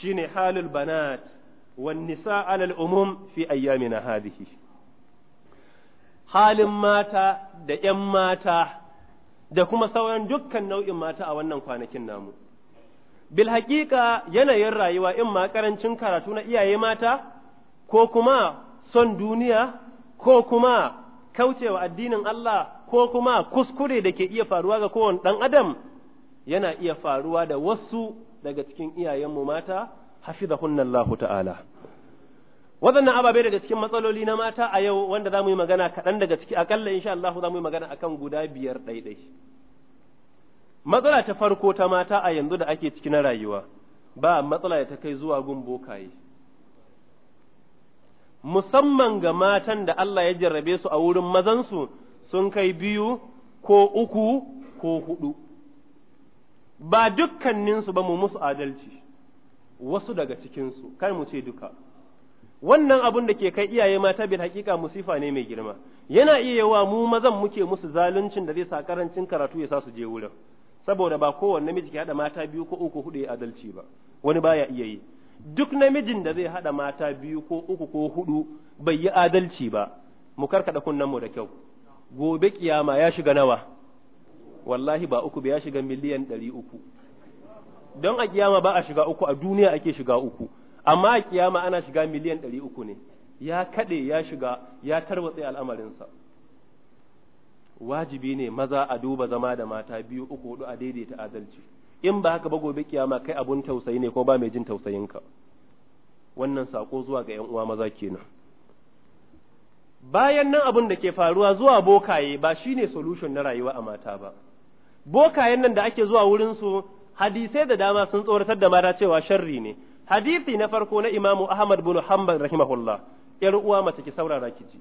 shine halul banat wan nisa alal umum fi ayyamina hadhihi halin mata da ƴan mata da kuma sauran dukkan nau'in mata a wannan kwanakin namu bil haƙiƙa yanayin rayuwa in ma ƙarancin karatu na iyaye mata ko kuma son duniya ko kuma kaucewa addinin Allah ko kuma kuskure da ke iya faruwa ga kowane ɗan adam yana iya faruwa da wasu daga cikin iyayenmu mata hafizahunallahu ta'ala waɗannan ababe daga cikin matsaloli na mata a yau wanda za mu yi magana kaɗan daga ciki akalla insha Allah za mu yi magana akan guda biyar ɗaiɗai matsala ta farko ta mata a yanzu da ake ciki na rayuwa ba matsala da ta kai zuwa gun bokaye musamman ga matan da Allah ya jarrabe su a wurin mazansu sun kai biyu ko uku ko hudu ba dukkaninsu ba mu musu adalci wasu daga cikinsu kai mu ce duka wannan abun da ke kai iyaye mata bil hakika musifa ne mai girma yana iya yawa mu mazan muke musu zaluncin da zai sa karancin karatu ya sa su je wurin saboda ba kowanne namiji ke haɗa mata biyu ko uku hudu ya adalci ba wani baya iya yi duk namijin da zai haɗa mata biyu ko uku ko hudu bai yi adalci ba mu karkada kunnen mu da kyau gobe kiyama ya shiga nawa wallahi ba uku ba ya shiga miliyan ɗari uku don a kiyama ba a shiga uku a duniya ake shiga uku amma a kiyama ana shiga miliyan ɗari uku ne ya kaɗe ya shiga ya tarwatse al'amarinsa wajibi ne maza a duba zama da mata biyu uku hudu a daidaita adalci in ba haka ba gobe kiyama kai abun tausayi ne ko ba mai jin tausayin ka wannan sako zuwa ga yan uwa maza kenan bayan nan abun da ke faruwa zuwa bokaye ba shine solution na rayuwa a mata ba bokayen nan da ake zuwa wurin su hadisai da dama sun tsoratar da mata cewa sharri ne hadisi na farko na imamu ahmad bin hanbal rahimahullah yar uwa mace ki saurara ki ji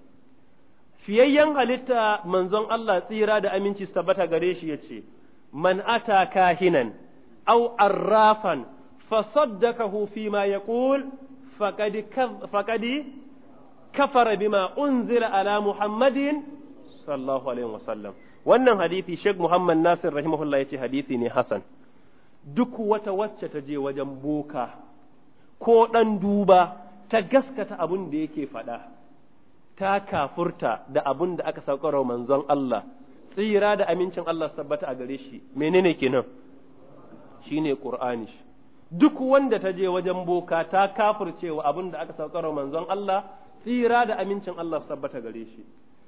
fiyayyen halitta manzon Allah tsira da aminci tabbata gare shi yace man ata kahinan aw arrafan ma ma yaqul faqad faqad kafara bima unzila ala muhammadin sallallahu alaihi wasallam wannan hadisi Sheikh Muhammad Nasir rahimahullah ce hadisi ne Hassan, duk wata wacce ta je wajen boka ko ɗan duba ta gaskata abin da yake faɗa ta kafurta da abin da aka saukar wa manzon Allah tsira da amincin Allah sabbata a gare shi menene kenan shine qur'ani duk wanda ta je wajen boka ta kafurcewa abin da aka saukar wa manzon Allah tsira da amincin Allah sabbata gare shi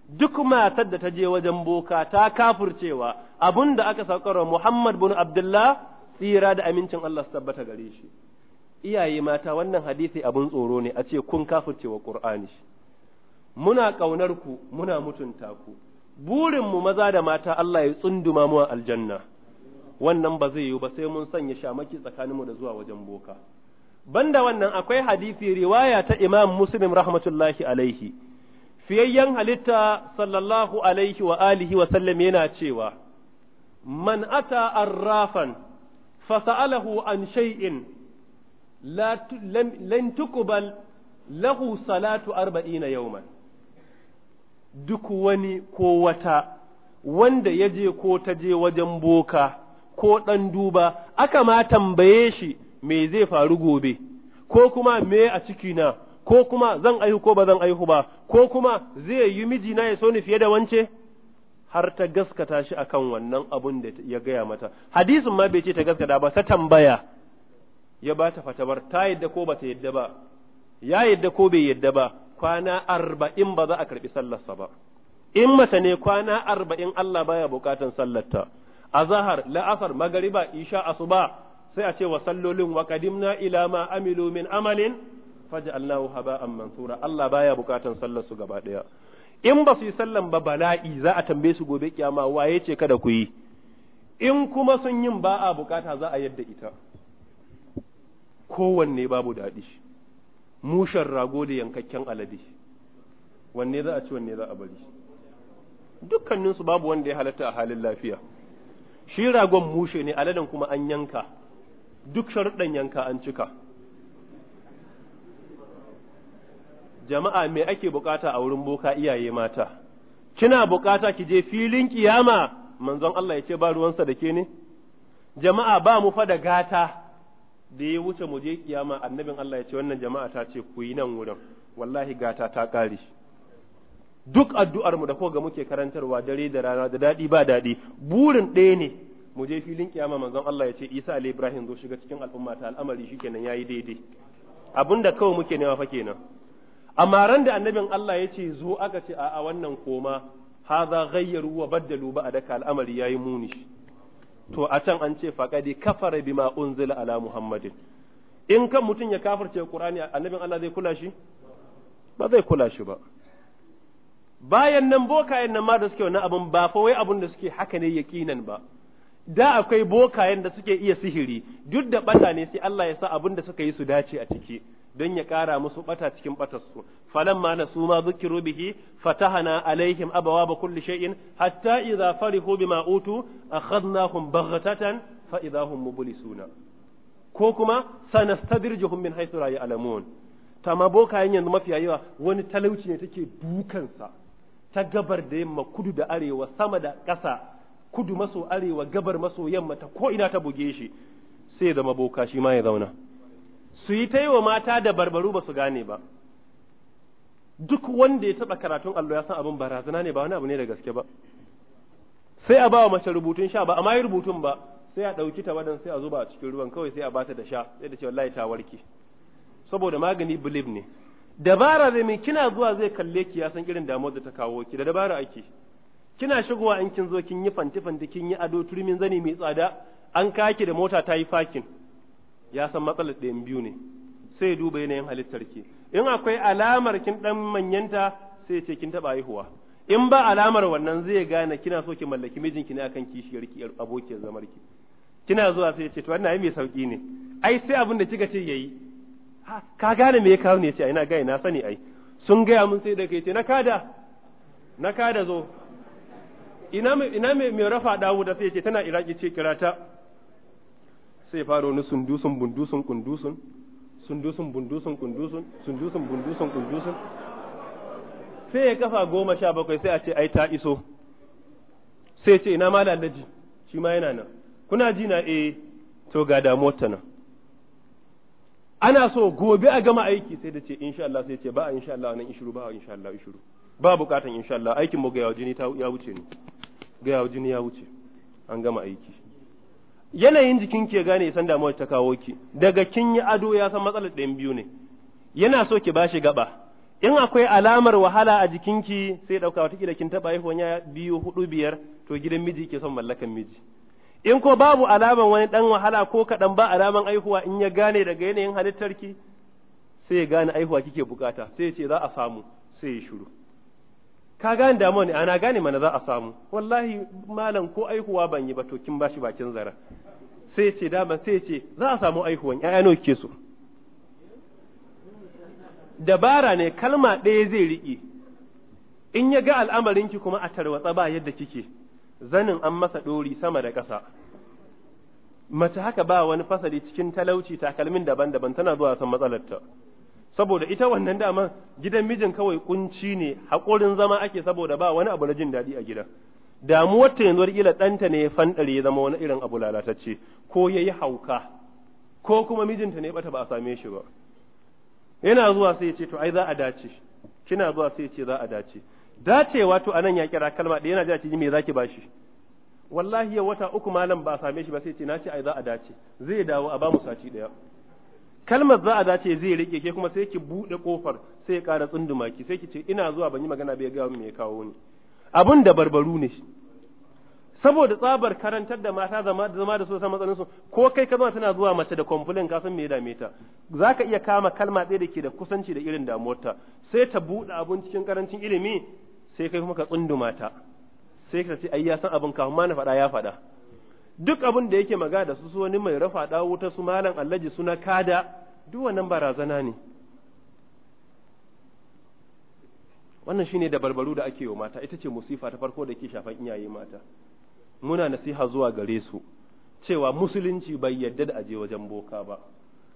duk matar da ta je wajen boka ta kafurcewa abin da aka saukar wa Muhammad bin Abdullah tsira da amincin Allah sabbata gare shi iyaye mata wannan hadisi abin tsoro ne a ce kun kafurcewa qur'ani muna ƙaunar ku muna mutunta ku burin mu maza da mata Allah ya tsunduma mu aljanna wannan ba zai yiwu ba sai mun sanya shamaki tsakaninmu da zuwa wajen boka banda wannan akwai hadisi riwaya ta Imam Muslim rahmatullahi alaihi fiyayyen halitta sallallahu alaihi wa alihi wa sallam yana cewa man ata arrafan fasa'alahu an shay'in lan tuqbal lahu salatu arba'ina yawman duk wani ko wata wanda ya je ko ta je wajen boka ko ɗan duba aka ma tambaye shi me zai faru gobe ko kuma me a cikina ko kuma zan aihu ko ba zan aihu ba ko kuma zai yi mijina ya so ni fiye da wance har ta gaskata shi akan wannan abun da ya gaya mata hadisin ma bai ce ta gaskata ba ta tambaya ya ba ta fatabar ta yadda ko ba ta yadda ba ya yadda ko bai yadda ba kwana arba'in ba za a karɓi sallarsa ba in mace ne kwana arba'in Allah baya bukatan sallarta azahar la'asar magariba isha asuba sai a ce wa sallolin wa kadimna ila ma amilu min amalin faj'alnahu haba'an mansura Allah baya bukatan sallar su gaba daya in ba su yi sallan ba bala'i za a tambaye su gobe kiyama waye ce kada ku yi in kuma sun yin ba a bukata za a yadda ita kowanne babu daɗi mushen rago da yankakken alade wanne za a ci wanne za a bari dukkaninsu babu wanda ya halatta a halin lafiya shi ragon mushe ne aladen kuma an yanka duk sharuɗan yanka an cika jama'a me ake bukata a wurin boka iyaye mata kina bukata ki je filin kiyama manzon Allah ya ce ba ruwansa da ke ne jama'a ba mu fa da gata da ya wuce mu je kiyama annabin Allah ya ce wannan jama'a ta ce ku yi nan wurin wallahi gata ta kare duk addu'ar mu da ko ga muke karantarwa dare da rana da dadi ba dadi burin ɗaya ne mu je filin kiyama manzon Allah ya ce Isa alai Ibrahim zo shiga cikin al'umma ta al'amari shikenan yayi daidai abinda kawai muke nema fa kenan amma ran da annabin Allah ya ce zo aka ce a'a wannan koma haza ghayyaru wa baddalu ba adaka al'amari yayi muni to a can an ce faqadi kafara bima unzila ala muhammadin in kan mutum ya kafirce qur'ani annabin Allah zai kula shi ba zai kula shi ba bayan nan bokayen nan ma da suke wannan abin ba fa wai abin da suke haka ne yakinan ba da akwai bokayen da suke iya sihiri duk da bata ne sai Allah ya sa abun da suka yi su dace a ciki don ya ƙara musu bata cikin batarsu falamma nasu ma dhukiru bihi fatahana alaihim abawaba kulli shay'in hatta idza farihu bima utu akhadnahum baghtatan fa idahum mublisuna ko kuma sanastadrijuhum min haythu la ya'lamun tama bokayen yanzu mafiya yawa wani talauci ne take dukansa ta gabar da yamma kudu da arewa sama da ƙasa kudu maso arewa gabar maso yamma ta ko ina ta buge shi sai zama boka shi ma ya zauna su yi ta yi wa mata da barbaru ba su gane ba duk wanda ya taɓa karatun allo ya san abin barazana ne ba wani abu ne da gaske ba sai a bawa wa mace rubutun sha ba amma yi rubutun ba sai a ɗauki wadan sai a zuba a cikin ruwan kawai sai a bata da sha sai da ce wallahi ta warke saboda magani believe ne dabara zai mai kina zuwa zai kalle ki ya san irin damuwar da ta kawo ki da dabara ake kina shigowa in kin zo kin yi fanti fanti kin yi ado turmin zani mai tsada an kaki da mota ta yi fakin ya san matsalar ɗayan biyu ne sai duba yanayin halittar ki in akwai alamar kin dan manyanta sai ce kin taba haihuwa in ba alamar wannan zai gane kina so ki mallaki mijinki ne akan kishiyarki abokiyar zamarki kina zuwa sai ce to wannan ai mai sauki ne ai sai abin da kika ce yayi ka gane me ya kawo ne ce ai na gaya na sani ai sun gaya mun sai da kai ce na kada na kada zo ina mai ina mai mai rafa dawo da sai ce tana iraki ce kirata sai faro ni sundusun bundusun kundusun sundusun bundusun kundusun sundusun bundusun kundusun sai ya kafa goma sha bakwai sai a ce ai ta iso sai ce ina mala laji shi ma yana nan kuna ji na eh to ga damuwar ta nan ana so gobe a gama aiki sai da ce insha Allah sai ce ba a insha Allah nan ishuru ba a insha Allah ishuru ba bukatan insha Allah aikin mu ga yawo jini ya wuce ne ga yawo jini ya wuce an gama aiki yanayin jikin ke gane san damuwar ta kawo ki daga kin yi ado ya san matsalar ɗayan biyu ne yana so ki bashi gaba in akwai alamar wahala a jikinki sai ɗauka kila kin taɓa haihuwan ya biyu hudu biyar to gidan miji ke son mallakan miji in ko babu alaman wani ɗan wahala ko kaɗan ba alaman aihuwa in ya gane daga yanayin halittarki sai ya gane aihuwa kike bukata sai ya ce za a samu sai ya shiru ka gane damuwa ne ana gane mana za a samu wallahi malam ko aihuwa ban yi ba to kin bashi bakin zara sai ce dama sai ce za a samu aihuwan ƴaƴa nawa kike so dabara ne kalma ɗaya zai riƙe in ya ga al'amarin ki kuma a tarwatsa ba yadda kike zanin an masa ɗori sama da ƙasa mace haka ba wani fasali cikin talauci takalmin daban-daban tana zuwa san matsalarta saboda ita wannan dama gidan mijin kawai kunci ne haƙorin zama ake saboda ba wani abu na jin daɗi a gida damuwar ta yanzu ila ɗanta ne ya fanɗare ya zama wani irin abu lalatacce ko ya yi hauka ko kuma mijinta ne bata ba a same shi ba yana zuwa sai ya ce to ai za a dace kina zuwa sai ya ce za a dace dacewa to anan ya kira kalma da yana ji a cikin me zaki bashi wallahi ya wata uku malam ba a same shi ba sai ce na ce ai za a dace zai dawo a ba mu sati daya kalmar za a dace zai rike ke kuma sai ki buɗe kofar sai ya ƙara tsunduma ki sai ki ce ina zuwa ban yi magana bai ga me kawo ni abun da barbaru ne saboda tsabar karantar da mata zama zama da su san matsalolinsu ko kai ka zama tana zuwa mace da complain ka san me ya dame ta zaka iya kama kalma ɗaya da ke da kusanci da irin damuwarta sai ta buɗe abun cikin karancin ilimi sai kai kuma ka tsunduma ta sai ka ce ai ya san abin kafin ma na faɗa ya faɗa duk abin da yake maga da su su wani mai rafa da wuta su malam allaji suna kada duk wannan barazana ne wannan shine da barbaru da ake yi wa mata ita ce musifa ta farko da ke shafan iyaye mata muna nasiha zuwa gare su cewa musulunci bai yarda da aje wajen boka ba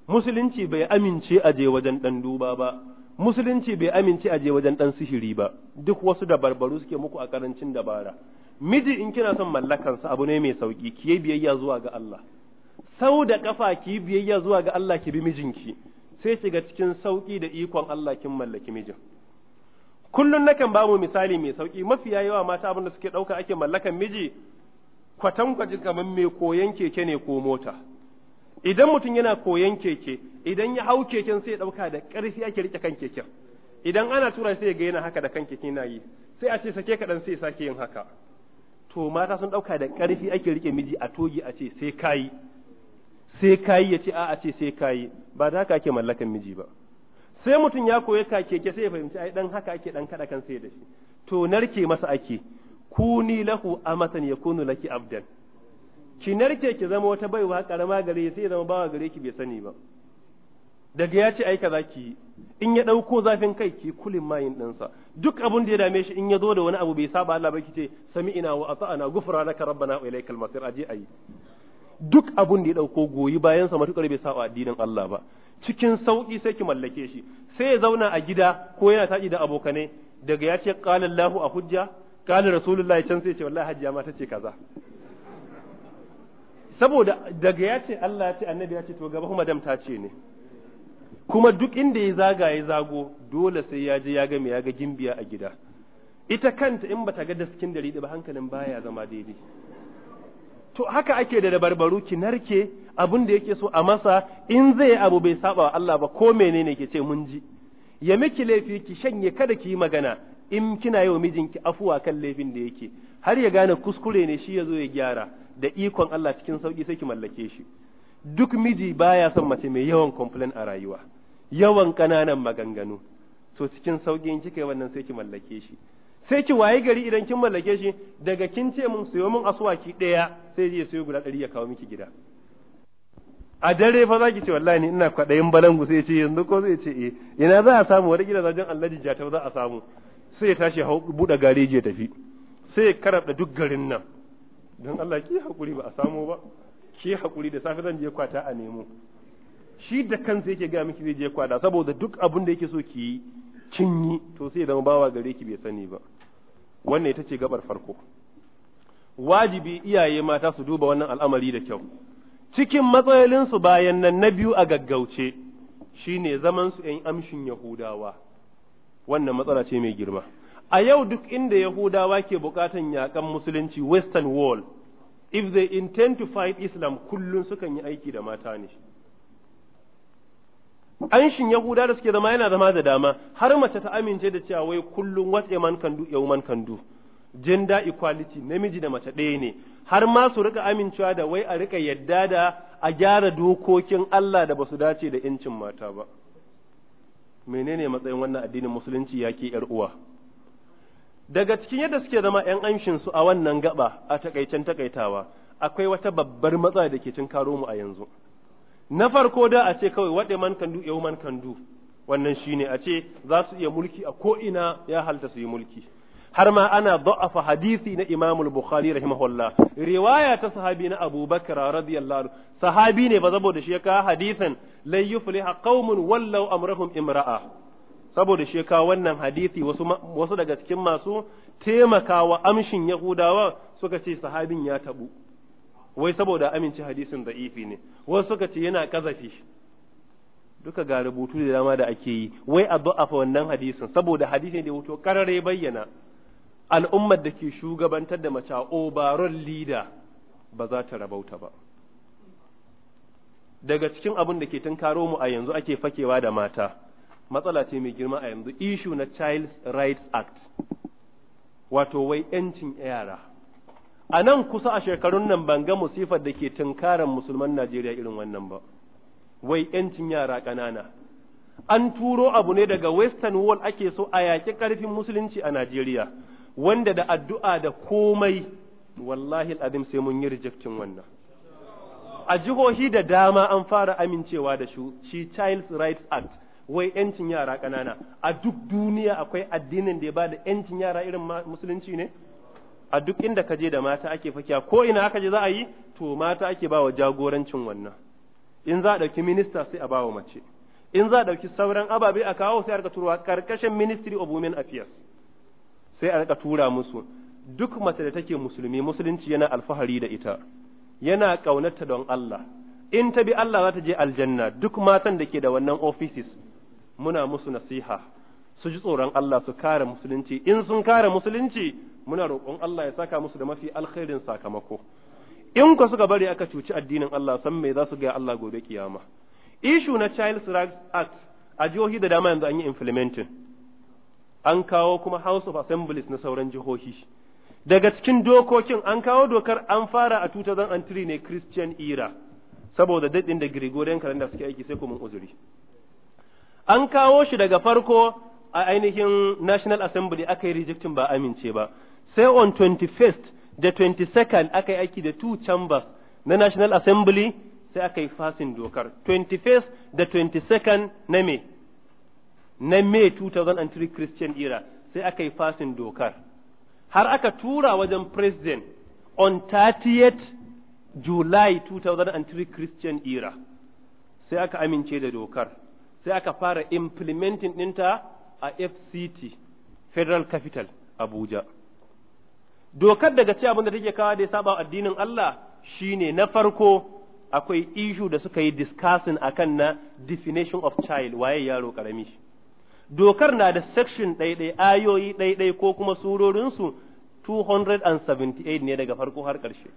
musulunci bai amince aje wajen dan duba ba musulunci bai amince aje wajen dan sihiri ba duk wasu da barbaru suke muku a karancin dabara miji in kina son mallakansa abu ne mai sauki ki yi biyayya zuwa ga Allah sau da kafa ki yi biyayya zuwa ga Allah ki bi mijinki sai shiga cikin sauki da ikon Allah kin mallaki mijin kullun nakan kan bamu misali mai sauki mafi yawa mata abin da suke dauka ake mallakan miji kwatan kwaji kamar mai koyan keke ne ko mota idan mutum yana koyan keke idan ya hau keken sai ya dauka da ƙarfi ake rike kan keken idan ana tura sai ya ga yana haka da kan keke na yi sai a ce sake kaɗan sai sake yin haka to mata sun ɗauka da ƙarfi ake rike miji a togi a ce sai kayi sai kayi ya ce a a ce sai kayi ba za ka ake mallakan miji ba sai mutum ya ka keke sai ya fahimci ai dan haka ake dan kada kan sai da shi to narke masa ake kuni lahu amatan yakunu laki abdan ki narke ki zama wata baiwa karama gare sai ya zama bawa gare ki bai sani ba daga ya ce ai kaza in ya ɗauko zafin kai ki kulin mayin ɗinsa duk abun da ya dame shi in ya zo da wani abu bai saba Allah ba kice ina wa ata'ana ghufranaka rabbana wa ilaikal masir aje ayi duk abun da ya dauko goyi bayan sa matukar bai saba addinin Allah ba cikin sauki sai ki mallake shi sai ya zauna a gida ko yana taji da abokane daga ya ce qala Allahu a hujja qala rasulullahi can sai ce wallahi hajjia ma tace kaza saboda daga ya ce Allah ya ce annabi ya ce to gaba kuma damta ce ne kuma duk inda ya zaga ya zago dole sai ya je ya ga ya ga gimbiya a gida ita kanta in bata ga daskin dari ba hankalin baya zama daidai to haka ake da dabarbaru ki narke abin da yake so a masa in zai abu bai saba wa Allah ba ko menene ke ce mun ji ya miki laifi ki shanye kada ki yi magana in kina yi wa mijinki afuwa kan laifin da yake har ya gane kuskure ne shi ya zo ya gyara da ikon Allah cikin sauki sai ki mallake shi duk miji baya son mace mai yawan complain a rayuwa yawan ƙananan maganganu so cikin sauki in kika yi wannan sai ki mallake shi sai ki waye gari idan kin mallake shi daga kin ce mun sayo mun asuwaki ɗaya sai je sayo guda ɗari ya kawo miki gida a dare fa zaki ce wallahi ni ina kwaɗayin balangu sai ce yanzu ko zai ce eh ina za a samu wani gidan zajen Allah ta za a samu sai ya tashi hau buɗe gareji ya tafi sai ya duk garin nan don Allah ki haƙuri ba a samu ba ki haƙuri da safe zan je kwata a nemo shi da kansa yake ga miki zai je kwata saboda duk abin da yake so ki yi kin yi to sai zama bawa gare ki bai sani ba wannan ita ce gabar farko wajibi iyaye mata su duba wannan al'amari da kyau cikin matsalolinsu bayan nan na biyu a gaggauce shine zaman su ‘yan amshin Yahudawa, wannan matsala ce mai girma. A yau duk inda Yahudawa ke bukatan yakan musulunci Western Wall, if they intend to fight Islam kullum sukan yi aiki da mata ne. anshin yahuda da suke zama yana zama da dama har mace ta amince da cewa wai kullum what a man can do a woman can do gender equality namiji da mace ɗaya ne har ma su rika amincewa da wai a rika yadda da a gyara dokokin Allah da basu dace da yancin mata ba menene matsayin wannan addinin musulunci yake yar uwa daga cikin yadda suke zama yan amshin su a wannan gaba a takaicen takaitawa akwai wata babbar matsala da ke cin karo mu a yanzu na farko da a ce kawai waɗe man kan du yau man kan du wannan shine a ce za su iya mulki a ko ina ya halta su yi mulki har ma ana da'afa hadisi na Imamul al-Bukhari rahimahullah riwaya ta sahabi na Abubakar, radiyallahu sahabi ne ba saboda shi ka hadisin a yufliha qaumun wallau amrahum imra'a saboda shi ka wannan hadisi wasu wasu daga cikin masu taimakawa amshin Yahudawa suka ce sahabin ya tabu wai saboda amince hadisin da'ifi ne wasu suka ce yana kazafi duka ga rubutu da dama da ake yi wai a da'afa wannan hadisin saboda hadisin da wuto karare bayyana al'ummar da ke shugabantar da mace baron leader ba za ta rabauta ba daga cikin abin da ke tunkaro mu a yanzu ake fakewa da mata matsala ce mai girma a yanzu issue na Child Rights Act wato wai 'yancin yara a nan kusa a shekarun nan ban ga musifar da ke tunkaran musulman Najeriya irin wannan ba wai yancin yara ƙanana an turo abu ne daga western wall ake so a yaƙi ƙarfin musulunci a Najeriya wanda da addu'a da komai wallahi al'adim sai mun yi rejectin wannan a jihohi da dama an fara amincewa da shi child Rights Act wai yancin yara ƙanana a duk duniya akwai addinin da ya ba da yancin yara irin musulunci ne a duk inda ka je da mata ake fakiya ko ina aka je za a yi to mata ake ba wa jagorancin wannan in za a ɗauki minista sai a ba wa mace in za a ɗauki sauran ababe a kawo sai a rika turawa karkashin ministry of women affairs sai a rika tura musu duk mace da take musulmi musulunci yana alfahari da ita yana ƙaunarta don Allah in ta bi Allah za ta je aljanna duk matan da ke da wannan offices muna musu nasiha su ji tsoron Allah su kare musulunci in sun kare musulunci muna roƙon Allah ya saka musu da mafi alkhairin sakamako in ku suka bari aka cuci addinin Allah san me za su ga Allah gobe kiyama issue na Child Rights Act a jihohi da dama yanzu an yi implementing an kawo kuma House of Assemblies na sauran jihohi daga cikin dokokin an kawo dokar an fara a tuta zan antiri ne Christian era saboda daɗin da Gregorian calendar suke aiki sai kuma uzuri an kawo shi daga farko a ainihin National Assembly aka yi rejectin ba amince ba sai on 21st da 22nd aka yi aiki da two chambers na National Assembly sai aka yi fasin dokar 21st da 22nd na me na May 2003 Christian era sai aka yi fasin dokar har aka tura wajen president on 30th July 2003 Christian era sai aka amince da dokar sai aka fara implementing ɗinta a FCT Federal Capital Abuja. dokar daga ci abin da take kawo da ya saba addinin Allah shine na farko akwai ishu da suka yi discussing akan na definition of child waye yaro karami shi dokar na da section ɗaiɗai ayoyi ɗaiɗai ko kuma surorinsu 278 ne daga farko har ƙarshe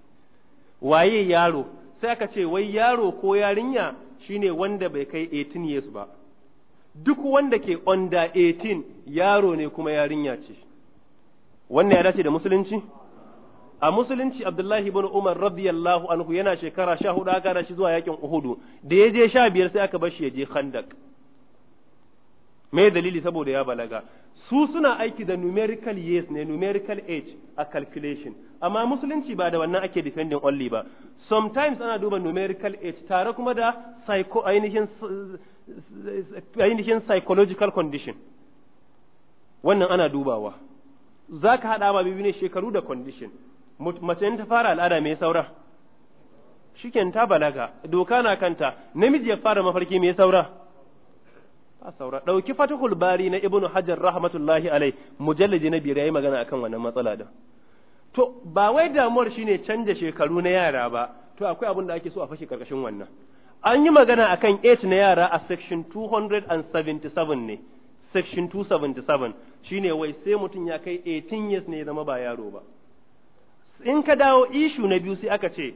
waye yaro sai aka ce wai yaro ko yarinya shine wanda bai kai 18 years ba duk wanda ke under 18 yaro ne kuma yarinya ce wannan ya dace da musulunci a musulunci abdullahi ibn umar radiyallahu anhu yana shekara sha hudu aka da shi zuwa yakin uhudu da ya je sha biyar sai aka bar shi ya je khandak me dalili saboda ya balaga su suna aiki da numerical years ne numerical age a calculation amma musulunci ba da wannan ake defending only ba sometimes ana duba numerical age tare kuma da psycho ainihin ainihin psychological condition wannan ana dubawa za ka haɗa ma bibi ne shekaru da condition mace ta fara al'ada mai saura shiken ta balaga doka na kanta namiji ya fara mafarki me saura a saura ɗauki fatihul bari na ibnu hajar rahmatullahi alai mujallaji na biyar yayi magana akan wannan matsala da to ba wai damuwar shine canja shekaru na yara ba to akwai abin da ake so a fashe karkashin wannan an yi magana akan age na yara a section 277 ne section 277 shine wai sai mutum ya kai 18 years ne ya zama ba yaro ba in ka dawo ishu na biyu sai aka ce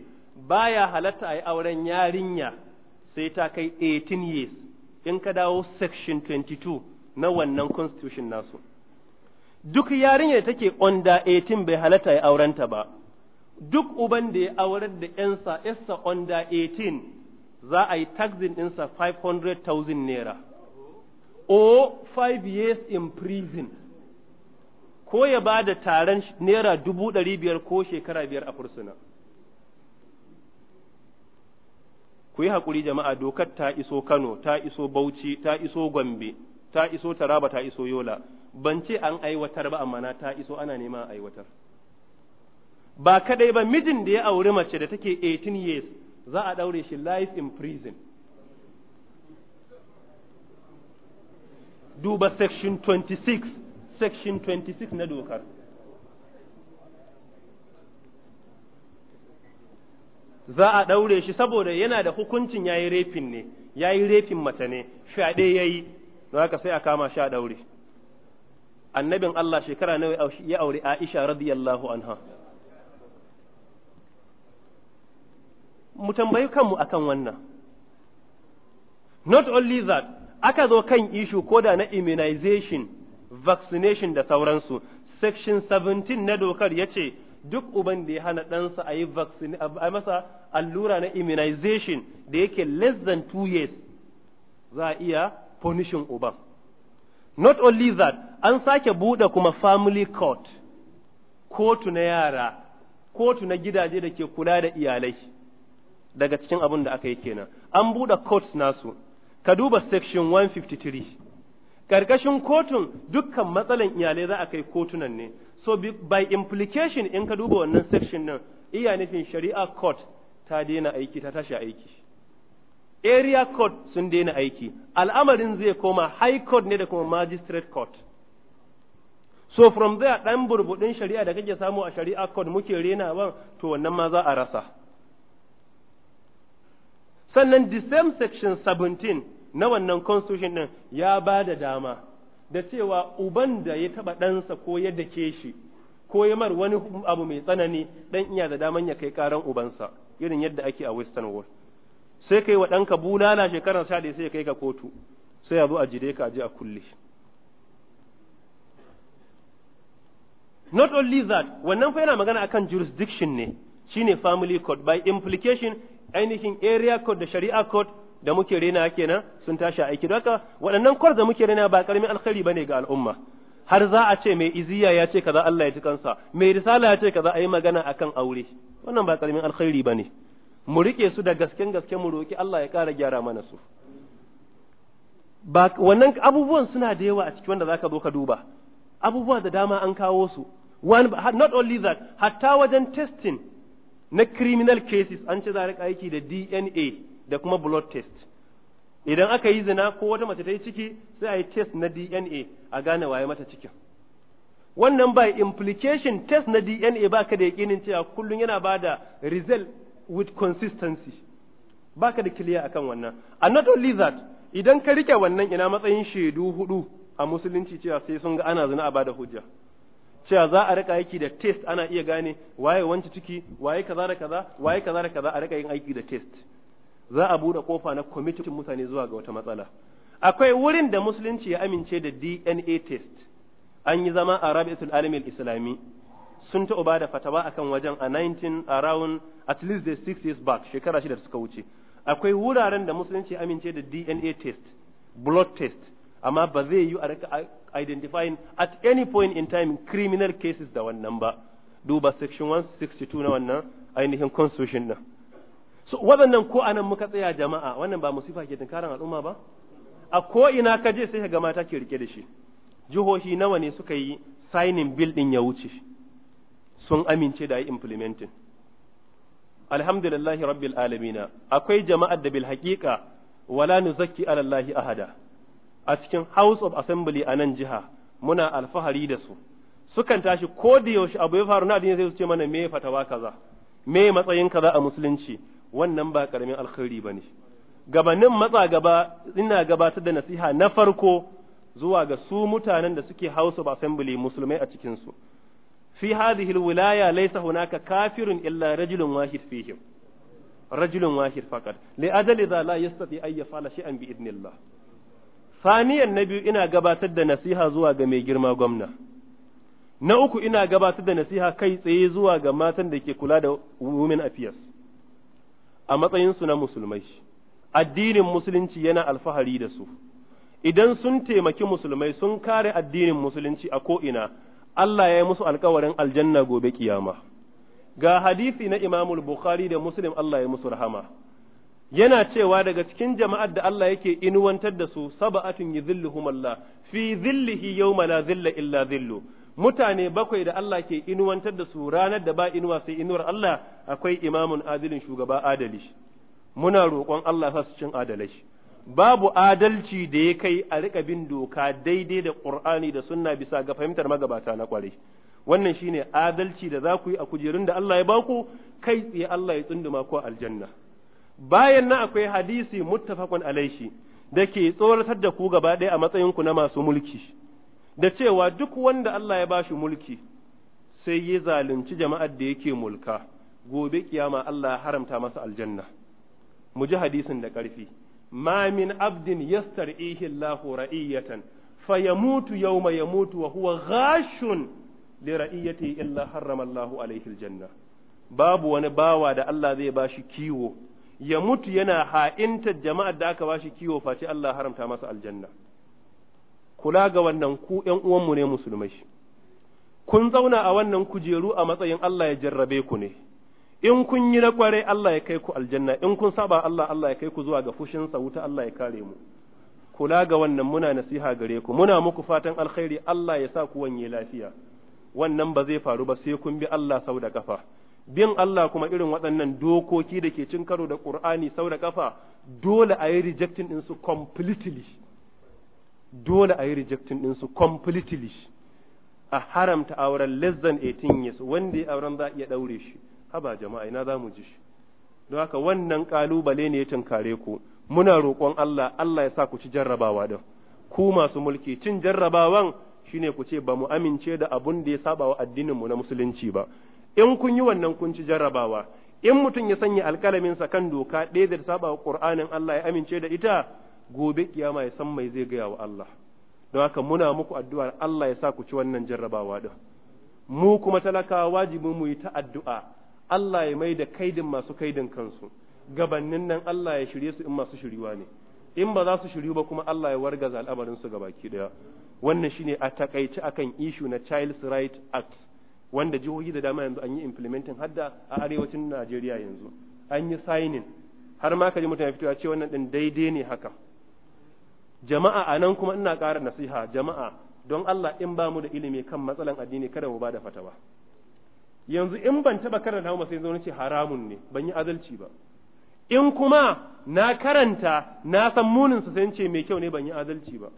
baya halatta a yi auren yarinya sai ta kai 18 years in ka dawo section 22 na wannan constitution nasu duk yarinya da take under 18 bai halatta ya aurenta ba duk uban da ya aurar da yansa yassa under 18 za a yi taxin ɗinsa 500,000 naira or five years in prison ko ya ba da taron naira dubu ɗari biyar ko shekara biyar a fursuna ku yi haƙuri jama'a dokar ta iso kano ta iso bauchi ta iso gombe ta iso taraba ta iso yola ban ce an aiwatar ba amma na ta iso ana neman aiwatar ba kadai ba mijin da ya auri mace da take 18 years za a daure shi life in prison duba section 26 section 26 na dokar za a ɗaure shi saboda yana da hukuncin ya yi refin ne ya yi refin mace ne fyaɗe ya yi haka sai a kama shi a ɗaure annabin Allah shekara nawa ya aure Aisha radiyallahu anha mu tambayi kanmu akan wannan not only that aka zo kan ishu da na immunization vaccination da sauransu section 17 na dokar ya ce duk uban da ya hana ɗansa a yi masa allura na immunization da yake less than two years za a iya punishing uban not only that an sake buɗe kuma family court kotu na yara kotu na gidaje da ke kula da iyalai daga cikin abin da aka yi kenan an buɗe court nasu ka duba section 153 ƙarƙashin kotun dukkan matsalan iyalai za a kai kotunan ne so by implication in ka duba wannan section nan iya nufin shari'a court ta daina aiki ta tashi aiki area court sun daina aiki al'amarin zai koma high court ne da kuma magistrate court so from there ɗan burbuɗin shari'a da kake samu a shari'a court muke renawa to wannan ma za a rasa sannan the same section 17 na wannan constitution din ya ba da dama da cewa uban da ya taba ɗansa ko ya dake shi ko ya mar wani abu mai tsanani dan iya da daman ya kai karan ubansa irin yadda ake a western world sai kai wa ɗanka bulala shekarar sha sai kai ka kotu sai ya zo a jide ka aje a kulle not only that wannan fa yana magana akan jurisdiction ne shine family court by implication ainihin area code da shari'a code da muke rena kenan sun tashi aiki haka waɗannan kwar da muke rena ba ƙaramin alkhairi bane ga al'umma har za a ce mai iziya ya ce kaza Allah ya ji kansa mai risala ya ce kaza yi magana akan aure wannan ba ƙaramin alkhairi bane mu rike su da gasken gaske mu roki Allah ya ƙara gyara mana su ba wannan abubuwan suna da yawa a cikin wanda zaka zo ka duba abubuwa da dama an kawo su one not only that hatta wajen testing na criminal cases an ce za a aiki da DNA da kuma blood test idan aka yi zina ko wata mace ta yi ciki sai a yi test na DNA a gane waye mata cikin wannan by implication test na DNA ba ka da yakinin cewa kullum yana ba da result with consistency ba ka da clear akan wannan and not only that idan ka rike wannan ina matsayin shaidu hudu a musulunci cewa sai sun ga ana zina a bada hujja cewa za a rika aiki da test ana iya gane waye wanci ciki waye kaza da kaza waye kaza da kaza a rika yin aiki da test za a buɗe kofa na kwamitin mutane zuwa ga wata matsala akwai wurin da musulunci ya amince da DNA test an yi zama a Rabi'atul Alamil Islami sun taɓa ba da fatawa akan wajen a 19 around at least the 6 years back shekara shida da suka wuce akwai wuraren da musulunci ya amince da DNA test blood test amma ba zai yi a rika identifying at any point in time criminal cases da wannan ba duba section 162 na wannan ainihin constitution na. so waɗannan ko anan muka tsaya jama'a wannan ba musifa ke tunkaran al'umma ba a ko ina ka je sai ka ga mata ke rike da shi jihohi nawa ne suka yi signing bill din ya wuce sun amince da yi implementing alhamdulillahi rabbil alamina akwai jama'ar da bil haqiqa wala nuzakki ala allahi ahada a cikin house of assembly a nan jiha muna alfahari da su sukan tashi ko da yaushe abu ya faru na addini sai su ce mana me fatawa kaza me matsayin kaza a musulunci wannan ba karamin alkhairi bane gabanin matsa gaba ina gabatar da nasiha na farko zuwa ga su mutanen da suke House of Assembly musulmai a cikinsu su fi hadhihi alwilaya laysa hunaka kafirun illa rajulun wahid fihim rajulun wahid faqat li ajali za la yastati ay yafala shay'an bi idnillah saniyan na biyu ina gabatar da nasiha zuwa ga mai girma gwamna na uku ina gabatar da nasiha kai tsaye zuwa ga matan da ke kula da women affairs a matsayinsu na musulmai addinin musulunci yana alfahari da su idan sun taimaki musulmai sun kare addinin musulunci a ko'ina Allah ya yi musu alkawarin aljanna gobe kiyama ga hadisi na imamul bukhari da muslim Allah ya musu rahama yana cewa daga cikin jama'ar da Allah yake inuwantar da su saba'atun yuzilluhum Allah fi zillihi yawma la zilla illa zillu mutane bakwai da Allah ke inuwantar da su ranar da ba inuwa sai inuwar Allah akwai imamun adilin shugaba adali muna roƙon Allah sa cin adalai babu adalci da ya kai a riƙa bin doka daidai da Qur'ani da sunna bisa ga fahimtar magabata na ƙwarai wannan shine adalci da za ku yi a kujerun da Allah ya baku kai tsaye Allah ya tsunduma ku aljanna bayan nan akwai hadisi muttafaqun alaihi da ke tsoratar da ku gaba ɗaya a matsayinku na masu mulki da cewa duk wanda Allah ya bashi mulki sai ya zalunci jama'ar da yake mulka gobe kiyama Allah ya haramta masa aljanna mu ji hadisin da ƙarfi ma min abdin yastar'ihi Allahu ra'iyatan fayamutu yawma yamutu wa huwa ghashun li ra'iyatihi illa harrama Allahu alaihi aljanna babu wani bawa da Allah zai bashi kiwo ya mutu yana ha'intar jama'ar da aka bashi kiwo face Allah haramta masa aljanna kula ga wannan ku ’yan uwanmu ne musulmai. Kun zauna a wannan kujeru a matsayin Allah ya jarrabe ku ne, in kun yi na kware Allah ya kai ku aljanna, in kun saba Allah Allah ya kai ku zuwa ga fushin sa wuta Allah ya kare mu. Kula ga wannan muna nasiha gare ku, muna muku fatan alkhairi Allah ya sa ku wanye lafiya. Wannan ba zai faru ba sai kun bi Allah sau da kafa. bin Allah kuma irin waɗannan dokoki da ke cin karo da Ƙur'ani sau da ƙafa dole a yi rejecting su completely dole a yi rejectin su completely a haramta auren less than 18 years wanda ya auren za a iya ɗaure shi haba jama'a ina za mu ji shi don haka wannan ƙalubale ne ya tunkare ku muna roƙon Allah Allah ya sa ku ci jarrabawa din ku masu mulki cin jarrabawan shine ku ce ba mu amince da abun da ya saba wa addinin mu na musulunci ba in kun yi wannan kun ci jarrabawa in mutum ya sanya alkalamin sa kan doka ɗaya da saba wa Qur'anin Allah ya amince da ita gobe kiyama ya san mai zai gaya wa Allah don haka muna muku addu'a Allah ya sa ku ci wannan jarrabawa din mu kuma talakawa wajibin mu yi ta addu'a Allah ya mai da kaidin masu kaidin kansu gabannin nan Allah ya shirye su in masu shiriwa ne in ba za su shiryu ba kuma Allah ya wargaza al'amarin su gabaki daya wannan shine a takaice akan issue na Child's Right Act wanda jihohi da dama yanzu an yi implementing hadda a arewacin Najeriya yanzu an yi signing har ma ka ji mutane fitowa ce wannan din daidai ne haka jama'a a nan kuma ina ƙara nasiha jama'a don Allah in ba mu da ilimi kan matsalan addini kada mu ba da fatawa yanzu in ban taba karanta ba sai zo ce haramun ne ban yi adalci ba in kuma na karanta na san munin su sai mai kyau ne ban yi azalci ba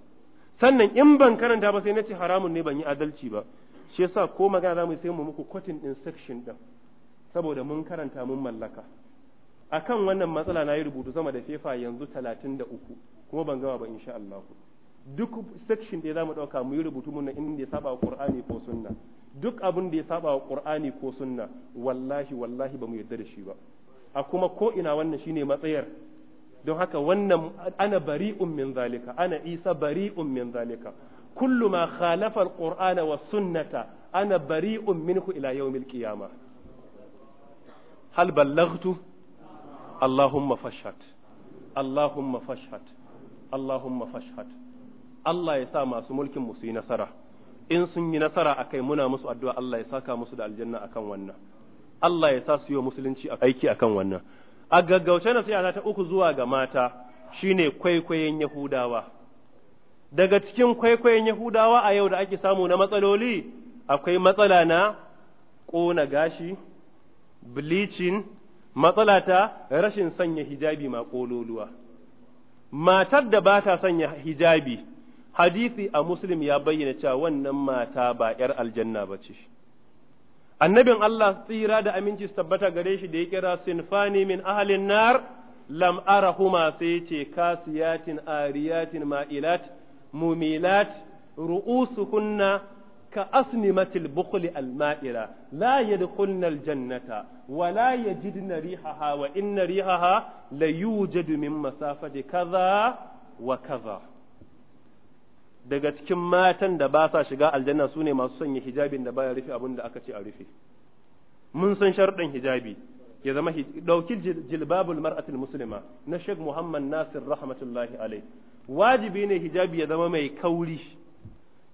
sannan in ban karanta ba sai na ce haramun ne ban yi adalci ba shi yasa ko magana zamu sai mu muku cotton din section din saboda mun karanta mun mallaka akan wannan matsala na yi rubutu sama da fefa yanzu talatin da uku kuma ban gama ba insha Allah duk section da zamu dauka mu yi rubutu mun inda ya saba wa Qur'ani ko sunna duk abin da ya saba wa Qur'ani ko sunna wallahi wallahi ba mu yarda da shi ba a kuma ko ina wannan shine matsayar don haka wannan ana bari'un min zalika ana Isa bari'un min zalika kullu ma khalafa al-Qur'ana wa sunnata ana bari'un minhu ila yawmil qiyamah hal ballaghtu Allahumma fashhad Allahumma fashhad Allahumma fashhad Allah ya sa masu mulkin mu su yi nasara in sun yi nasara akai muna musu addu'a Allah ya saka musu da aljanna akan wannan Allah ya sa su yi musulunci aiki akan wannan a gaggauce nasiha ta uku zuwa ga mata shine kwaikwayon Yahudawa daga cikin kwaikwayon Yahudawa a yau da ake samu na matsaloli akwai matsala na ƙona gashi bleaching matsala ta rashin sanya hijabi ma ƙololuwa matar da ba ta sanya hijabi hadisi a muslim ya bayyana cewa wannan mata ba 'yar aljanna ba ce annabin Allah tsira da aminci su tabbata gare shi da ya kira sinfani min ahalin nar lam arahuma sai ce kasiyatin ariyatin ma'ilat mumilat ru'usuhunna ka asnimatil bukhli alma'ira la yadkhulna jannata. wa la yajidna rihaha wa inna rihaha la yujadu min kaza wa kaza daga cikin matan da ba sa shiga aljanna sune masu sanya hijabin da baya rufe abin da aka ce a rufe mun san sharɗin hijabi ya zama ɗauki jilbabul mar'atul muslima na shek Muhammad Nasir rahmatullahi alai wajibi ne hijabi ya zama mai kauri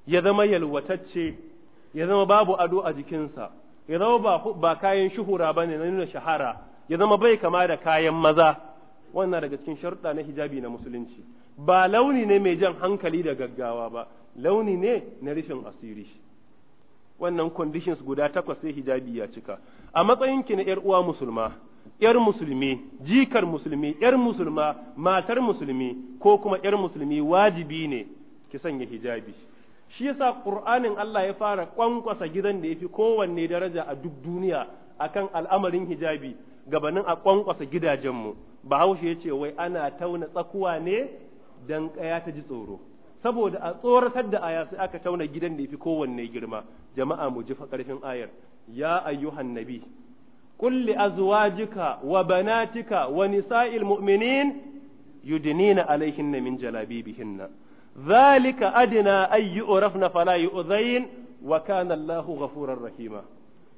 ya zama yalwatacce ya zama babu ado a jikinsa ya zama ba kayan shuhura ba ne na nuna shahara ya zama bai kama da kayan maza wannan daga cikin sharuɗa na hijabi na musulunci ba launi ne mai jan hankali da gaggawa ba launi ne na rishin asiri wannan conditions guda takwas sai hijabi ya cika a matsayin ki na yar uwa musulma yar musulmi jikar musulmi yar musulma matar musulmi ko kuma yar musulmi wajibi ne ki sanya hijabi shi yasa qur'anin Allah ya fara kwankwasa gidan da yafi kowanne daraja a duk duniya akan al'amarin hijabi gabanin a kwankwasa gidajenmu bahaushe ya ce wai ana tauna tsakuwa ne dan kaya ta ji tsoro saboda a tsoratar da aya sai aka tauna gidan da yafi kowanne girma jama'a mu ji karfin ayar ya ayyuhan nabi qul li azwajika wa banatika wa nisa'il mu'minin yudnina alaihinna min jalabibihinna zalika adina ay yu'rafna fala yu'zain wa kana Allahu ghafurar rahima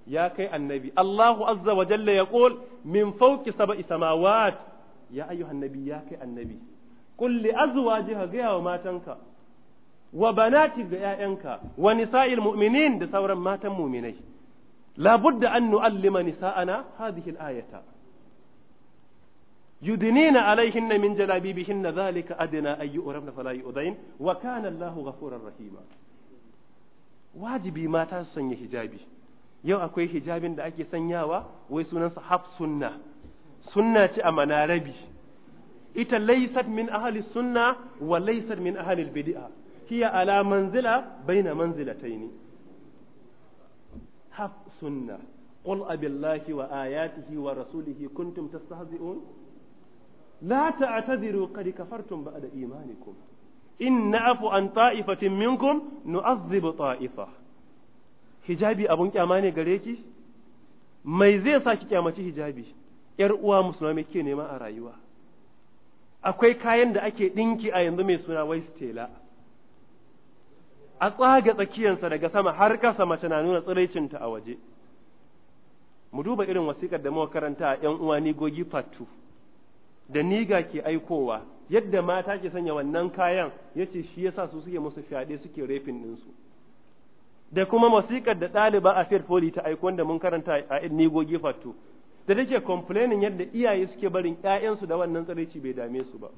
ya kai annabi Allahu azza wa jalla yaqul min fawqi sab'i samawat ya ayyuhan nabi ya kai annabi qul li azwajika ga wa matanka wa banati ga ‘ya'yanka wa nisa'il mu'minin da sauran matan muminai labudda an nu'allima nisa'ana hadhihi al-ayata yudnina alaihinna min jalabibihinna zalika adna ay yu'rafna fala yu'dain wa kana Allahu ghafurar rahima wajibi mata su sanya hijabi yau akwai hijabin da ake sanyawa wai sunansa haf sunna sunna ce a manarabi ita laysat min ahli sunna wa laysat min ahli bid'a hiya ala manzila baina manzilataini haf sunna qul abillahi wa ayatihi wa rasulihi kuntum tastahzi'un la ta'tadiru qad kafartum ba'da imanikum in afu an ta'ifatin minkum nu'adhib ta'ifa hijabi abun kyama ne gare ki mai zai sa ki kyamaci hijabi yar uwa musulma ke nema a rayuwa akwai kayan da ake ɗinki a yanzu mai suna wai stela a tsaga tsakiyarsa daga sama har kasa mace na nuna tsiraicinta a waje mu duba irin wasikar da muka karanta a 'yan uwa ni gogi fatu da niga ke aikowa yadda mata ke sanya wannan kayan yace shi yasa su suke musu fyaɗe suke rafin ɗinsu da kuma musikar da ɗaliba a Fair foli ta aiko wanda mun karanta a goge Fatu da take complaining yadda iyaye suke barin ƴaƴansu da wannan tsaraici bai dame su ba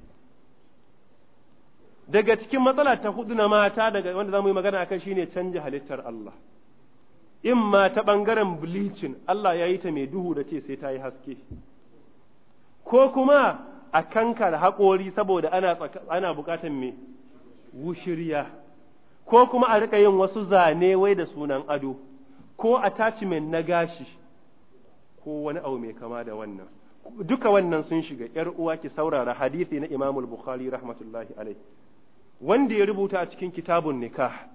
daga cikin matsala ta hudu na mata daga wanda zamu yi magana akan shine canja halittar Allah in ma ta ɓangaren bleaching Allah ya yi ta mai duhu da ce sai ta yi haske ko kuma a kankar haƙori saboda ana buƙatar me wushiriya ko kuma a rika yin wasu zane wai da sunan ado ko attachment na gashi ko wani abu mai kama da wannan duka wannan sun shiga ‘yar uwa ki saurara hadisi na Imamul Bukhari rahmatullahi alaihi wanda ya rubuta a cikin kitabun nikah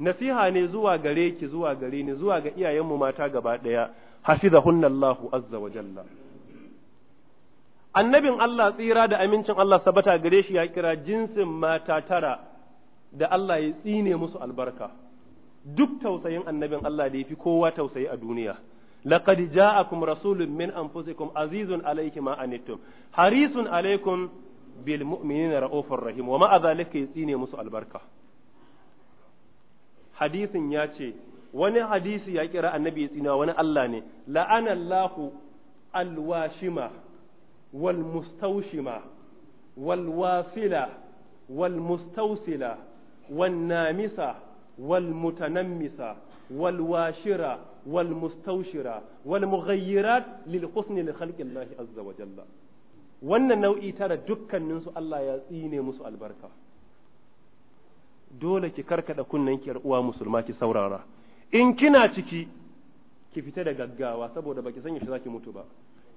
nasiha ne zuwa gare ki zuwa gare ni zuwa ga iyayenmu mata gaba ɗaya hasizahunna Allahu azza wa jalla annabin Allah tsira da amincin Allah sabata gare shi ya kira jinsin mata tara da Allah ya tsine musu albarka duk tausayin annabin Allah da ya fi kowa tausayi a duniya laqad ja'akum rasulun min anfusikum azizun alayhi ma anittum harisun alaykum bil mu'minina raufur rahim wa ma'a zalika musu albarka hadisin ya ce wani hadisi ya kira annabi ya tsina wani Allah ne la'anallahu alwashima wal mustawshima wal wasila wal mustawsila wan namisa wal mutanammisa wal washira wal mustawshira lil husni li khalqi Allah azza wa jalla wannan nau'i tara dukkaninsu Allah ya tsine musu albarka dole ki karkada kunnen ki uwa musulma ki saurara in kina ciki ki fita da gaggawa saboda baki san yaushe zaki mutu ba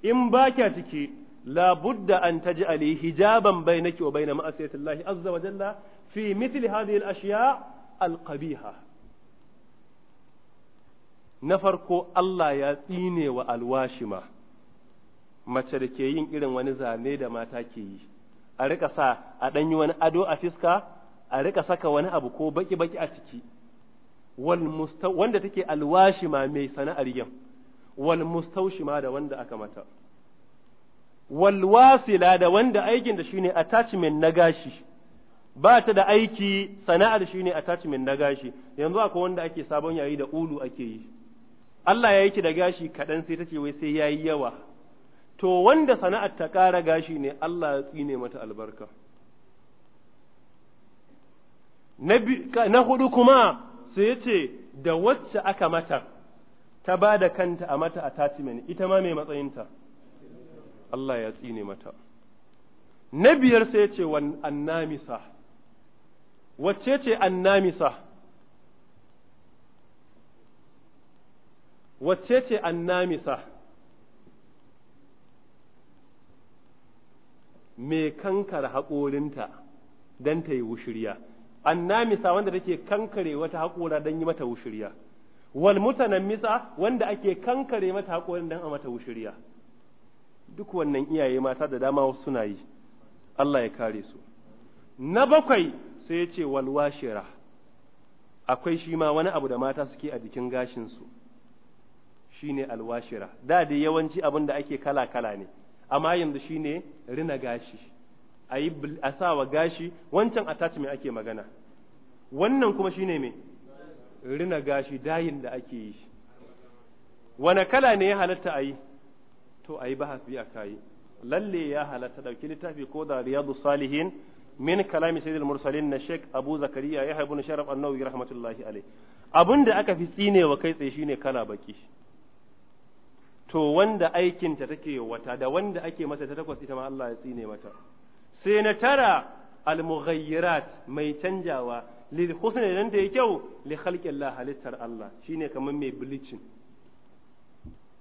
in ba kya ciki la budda an taj'ali hijaban bainaki wa bain ma'asiyati Allah azza wa jalla fi mithli hadhihi al-ashya al-qabiha na farko Allah ya tsine wa alwashima mace da ke yin irin wani zane da mata ke yi a rika sa a ɗanyi wani ado a fiska a rika saka wani abu ko baki-baki a ciki wanda take alwashima mai sana'ar yin wal mustaushima da wanda aka mata walwasila da wanda aikin da shine attachment na gashi ba ta da aiki sana'ar shine attachment na gashi yanzu akwai wanda ake sabon yayi da ulu ake yi Allah ya yi ki da gashi kaɗan sai ta ce wai sai yayi yawa to wanda sana'ar ta ƙara gashi ne Allah ya tsine mata albarka na hudu kuma sai ya da wacce aka mata ta ba da kanta a mata attachment ita ma mai matsayinta Allah ya tsine mata na biyar sai ce annamisa wacce ce annamisa wacce ce annamisa me kankar haƙorinta don ta yi wushirya annamisa wanda take kankare wata haƙora don yi mata wushirya wal mutanen misa wanda ake kankare mata haƙorin don a mata wushirya duk wannan iyaye mata da dama wasu suna yi Allah ya kare su na bakwai sai ya ce walwashira akwai shi ma wani abu da mata suke a jikin gashinsu shi shine alwashira da da yawanci abin da ake kala-kala ne amma yanzu shine rina gashi a yi a sawa gashi wancan attachment ake magana wannan kuma shine mai. me rina gashi dayin da ake yi wane kala ne ya halatta a yi to a yi bahasi a kayi lalle ya halatta ɗauki littafi ko da riyadu salihin min kalami sayyidul mursalin na shek abu zakariya ya haibu sharaf annawi rahmatullahi alai abin da aka fi tsinewa kai tsaye shine kala baki to wanda aikinta take wata da wanda ake masa ta takwas ita ma Allah ya tsine mata sai na tara al mai canjawa li husni dan da kyau li khalqi Allah halittar Allah shine kaman mai bleaching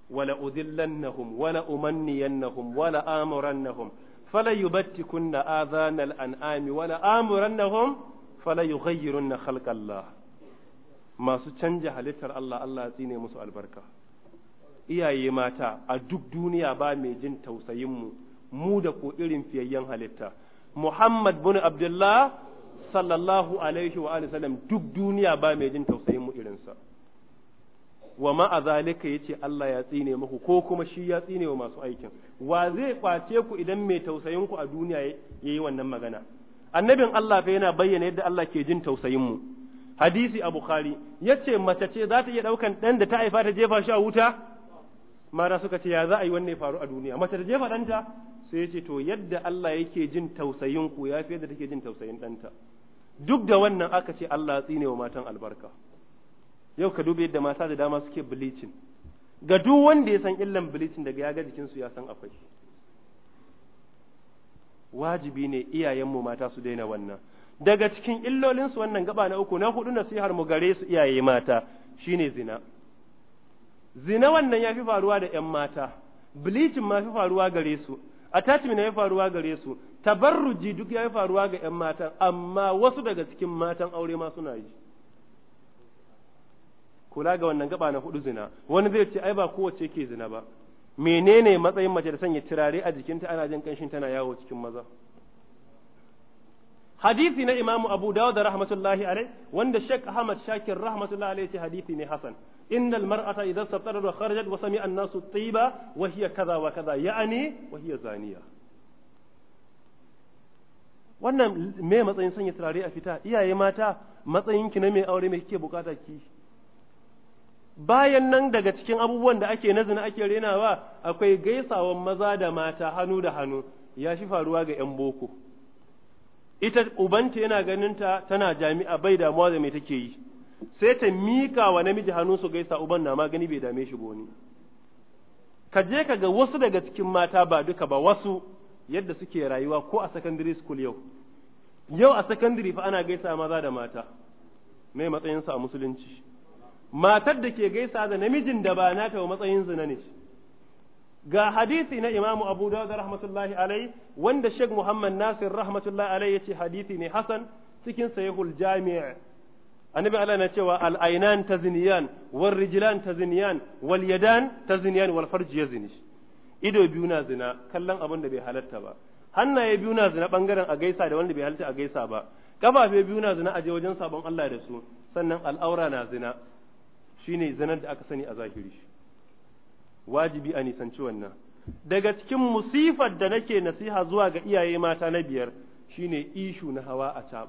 wala udillannahum wala umanniyannahum wala amurannahum fala yubattikunna adhanal an'ami wala amurannahum fala yughayyirunna khalqallah masu canja halittar Allah Allah ya tsine musu albarka iyaye mata a duk duniya ba mai jin tausayin mu mu da ko irin fiyayyen halitta Muhammad bun Abdullah sallallahu alaihi wa sallam duk duniya ba mai jin tausayin mu irinsa. sa wa ma'a ya ce Allah ya tsine muku ko kuma shi ya tsine wa masu aikin wa zai kwace ku idan mai tausayin ku a duniya yayi wannan magana annabin Allah fa yana bayyana yadda Allah ke jin tausayin mu hadisi a bukhari yace mace ce za ta iya daukan dan da ta haifa ta jefa shi a wuta mara suka ce ya za a yi wannan faru a duniya mace ta jefa danta sai yace to yadda Allah yake jin tausayin ku ya fi yadda take jin tausayin danta duk da wannan aka ce Allah ya tsine wa matan albarka yau ka dubi yadda mata da dama suke bilicin ga duk wanda ya san illan bilicin daga ya ga jikinsu ya san akwai wajibi ne iyayenmu mata su daina wannan daga cikin illolinsu wannan gaba na uku na hudu nasihar mu gare su iyaye mata shine zina zina wannan ya fi faruwa da 'yan mata bleaching ma fi faruwa gare su attachment ya faruwa gare su tabarruji duk ya fi faruwa ga 'yan mata amma wasu daga cikin matan aure ma suna yi kula ga wannan gaba na hudu zina wani zai ce ai ba kowace ke zina ba menene matsayin mace da sanya turare a jikinta ana jin kanshin tana yawo cikin maza hadisi na imamu abu dawud da rahmatullahi alai wanda shek ahmad shakir rahmatullahi alai ce hadisi ne hasan innal mar'ata idan sabtara wa kharajat wa sami'a an-nasu tiba wa hiya kaza wa kaza ya'ani wa hiya zaniya wannan me matsayin sanya turare a fita iyaye mata matsayin ki na mai aure me kike bukata ki bayan nan daga cikin abubuwan da ake nazina ake renawa akwai gaisawan maza da mata hannu da hannu ya shi faruwa ga 'yan boko ita ubanta yana ganin ta tana jami'a bai damuwa da mai take yi sai ta mika wa namiji hannu su gaisa uban na magani bai dame shi goni ka je ka ga wasu daga cikin mata ba duka ba wasu yadda suke rayuwa ko a secondary school yau yau a secondary fa ana gaisa maza da mata mai matsayinsa a musulunci matar da ke gaisa da namijin da ba nata wa matsayin zina ne ga hadisi na imamu abu dawud rahmatullahi alai wanda sheikh muhammad nasir rahmatullahi alai yace hadisi ne hasan cikin sahihul jami' annabi Allah na cewa al ainan tazniyan wal rijlan tazniyan wal yadan tazniyan wal farj yazni ido biyu na zina kallon abin da bai halarta ba hannaye biyu na zina bangaren a gaisa da wanda bai halatta a gaisa ba kafafe biyu na zina a je wajen sabon Allah da su sannan al'aura na zina Shi ne zanar da aka sani a zahiri wajibi a nisanci wannan daga cikin musifar da nake nasiha zuwa ga iyaye mata na biyar shi ne ishu na hawa a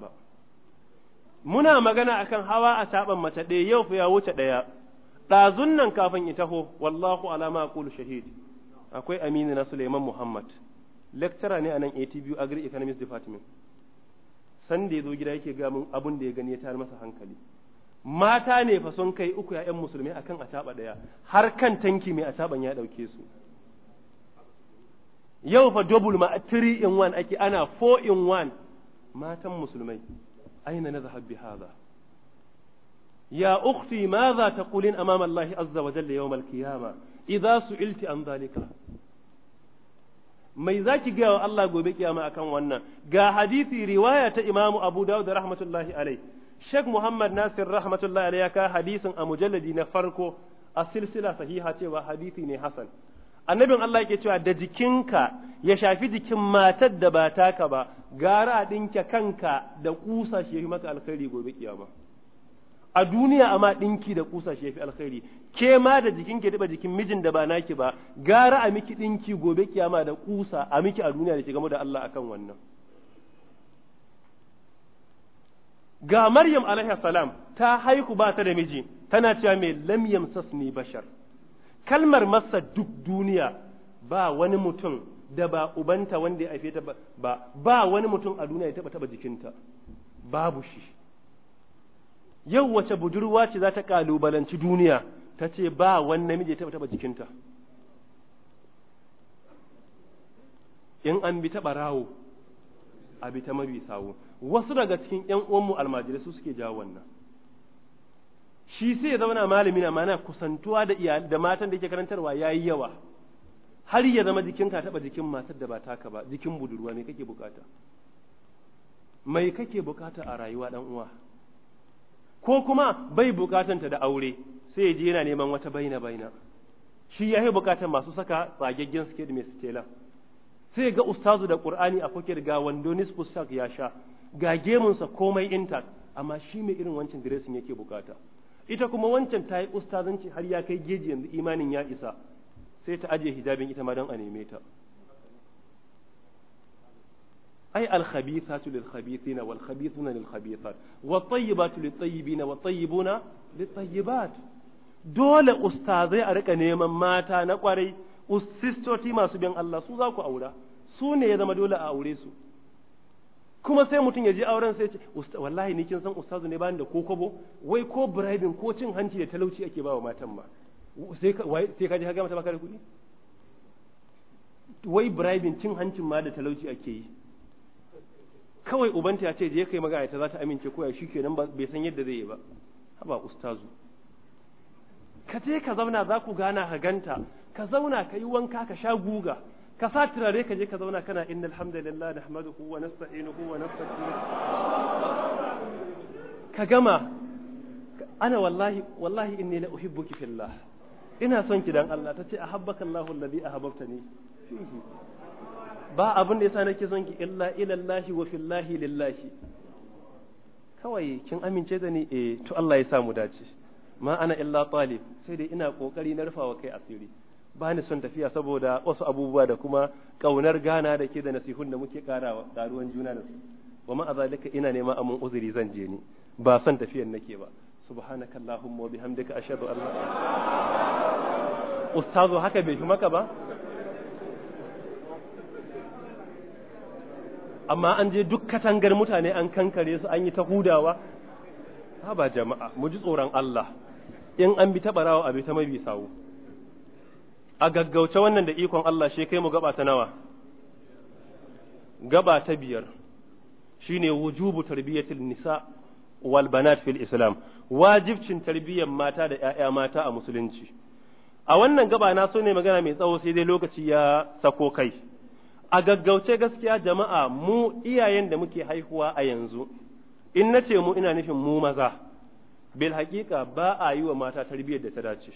muna magana akan hawa a caɓan mace ɗaya yau fa ya wuce ɗaya ɗazun nan kafin ita ho, wallahu alama aqulu shahid akwai aminu na Suleiman Muhammad lecturer ne a nan ATBU Agri Economics Department sanda ya zo gida yake ga abun da ya gani ya tayar masa hankali mata ne fa sun kai uku ya'yan musulmi akan acaba daya har kan tanki mai acaban ya dauke su yau fa double ma 3 in 1 ake ana 4 in 1 matan musulmai aina nazhab bi hadha ya ukhti madha taqulin amama Allah azza wa jalla yawm al-qiyama idza su'ilti an dhalika mai zaki wa Allah gobe kiyama akan wannan ga hadisi riwaya ta Imam Abu Dawud rahmatullahi alayhi Sheikh Muhammad Nasir rahmatullahi alayhi ya ka hadisin a mujalladi na farko a silsila sahiha cewa hadisi ne hasan annabin Allah yake cewa da jikinka ya shafi jikin matar da ba taka ba gara a ɗinke kanka da kusa shi yafi maka alkhairi gobe kiyama a duniya amma ɗinki da kusa shi yafi alkhairi ke ma da jikin ke taɓa jikin mijin da ba naki ba gara a miki ɗinki gobe kiyama da ƙusa a miki a duniya da shiga da Allah akan wannan ga Maryam alaihi salam ta haihu ba ta da miji tana cewa mai lam yamsasni bashar kalmar masa duk duniya ba wani mutum da ba ubanta wanda ya ta ba ba wani mutum a duniya ya taba taba jikinta babu shi yau wace budurwa ce za ta kalubalanci duniya ta ce ba wani namiji ya taba taba jikinta in an bi ta barawo a bi ta mabi sawo wasu daga cikin ƴan uwanmu almajirai su suke jawo wannan shi sai ya zauna malami na mana kusantuwa da iyali da matan da ke karantarwa yayi yawa har ya zama jikin ka taba jikin matar da ba taka ba jikin budurwa me kake bukata mai kake bukata a rayuwa dan uwa ko kuma bai bukatan ta da aure sai ya je yana neman wata baina baina shi ya yi bukatar masu saka tsagaggen suke da mai stela sai ga ustazu da ƙur'ani a fakir ga wando nisfu ya sha ga gemunsa komai intact amma shi mai irin wancan dressing yake bukata ita kuma wancan ta yi ustazanci har ya kai geji yanzu imanin ya isa sai ta ajiye hijabin ita ma don a neme ta ai alkhabithatu lilkhabithina walkhabithuna lilkhabithat wa tayyibatu litayyibina wa tayyibuna litayyibat dole ustazai a rika neman mata na kwarai sistoti masu bin Allah su za ku aura su ne ya zama dole a aure su kuma sai mutum ya je auren sai ce wallahi ni kin san ustazu ne bani da ko kobo wai ko bribing ko cin hanci da talauci ake ba wa matan ma sai ka sai ka je ka ga mata baka da kuɗi wai bribing cin hancin ma da talauci ake yi kawai ubanta ya ce je kai magana ta za ta amince ko ya nan bai san yadda zai yi ba haba ustazu ka je ka zauna za ku gana ka ganta ka zauna ka yi wanka ka sha guga ka sa turare ka je ka zauna kana inna alhamdulillah nahmaduhu wa nasta'inuhu wa nastaghfiruh ka gama ana wallahi wallahi inni la uhibbuki fillah ina son ki dan Allah tace ahabbaka Allahu alladhi ahabbtani fihi ba abin da yasa nake son ki illa ilallahi wa fillahi lillahi kawai kin amince da ni eh to Allah ya sa mu dace ma ana illa talib sai dai ina kokari na rufawa kai asiri ba ni son tafiya saboda wasu abubuwa da kuma kaunar gana da ke da nasihun da muke karawa ƙaruwan juna da su wa ma azalika ina nema amin uzuri zan je ni ba son tafiyan nake ba subhanaka allahumma wa bihamdika ashhadu an la ustazu haka bai fi maka ba amma an je duk katangar mutane an kankare su an yi ta hudawa ha ba jama'a mu ji tsoron Allah in an bi ta barawa a bi ta mabi sawu a gaggauce wannan da ikon Allah shi kai mu gaba ta nawa gaba ta biyar shine wujubu tarbiyatil nisa wal banat fil islam wajibcin tarbiyyar mata da ƴaƴa mata a musulunci a wannan gaba na so ne magana mai tsawo sai dai lokaci ya sako kai a gaggauce gaskiya jama'a mu iyayen da muke haihuwa a yanzu in nace mu ina nufin mu maza bil haƙiƙa ba a yi wa mata tarbiyyar da ta dace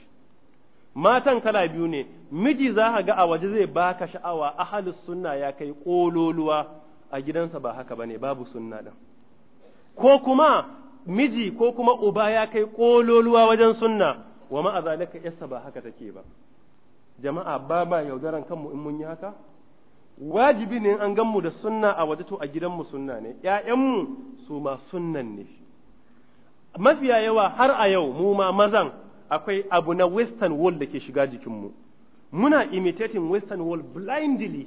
matan kala biyu ne miji za ka ga a waje zai baka sha'awa ahalus sunna ya kai kololuwa a gidansa ba haka bane babu sunna din ko kuma miji ko kuma uba ya kai kololuwa wajen sunna wa ma azalika yasa ba haka take ba jama'a ba ba yaudaran kanmu in mun yi haka wajibi ne an gan mu da sunna a waje to a gidanmu sunna ne ƴaƴanmu su ma sunnan ne mafiya yawa har a yau mu ma mazan akwai abu na western world da ke shiga jikinmu muna imitating western world blindly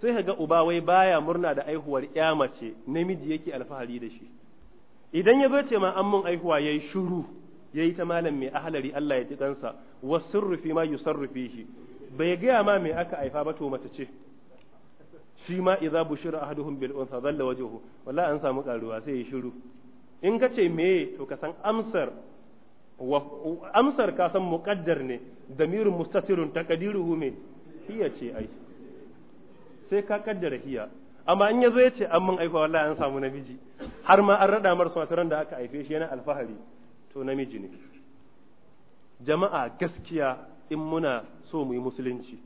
sai ka ga uba wai baya murna da aihuwar ya mace namiji yake alfahari da shi idan ya bace ma an mun aihuwa yayi shiru yayi ta malam mai ahalari Allah ya ji kansa fi ma yusarrufi shi bai gaya ma mai aka aifa ba to mace ce shi ma idza bushira ahaduhum bil unsa dalla wajhuhu wallahi an samu karuwa sai ya shiru in ka ce me to ka san amsar amsar ka san muqaddar ne damirun mustatirun taqdiruhu me hiya ce ai sai ka kaddara hiya amma in yazo yace an mun aika wallahi an samu namiji har ma an rada mar ran da aka haife shi yana alfahari to namiji ne jama'a gaskiya in muna so mu yi musulunci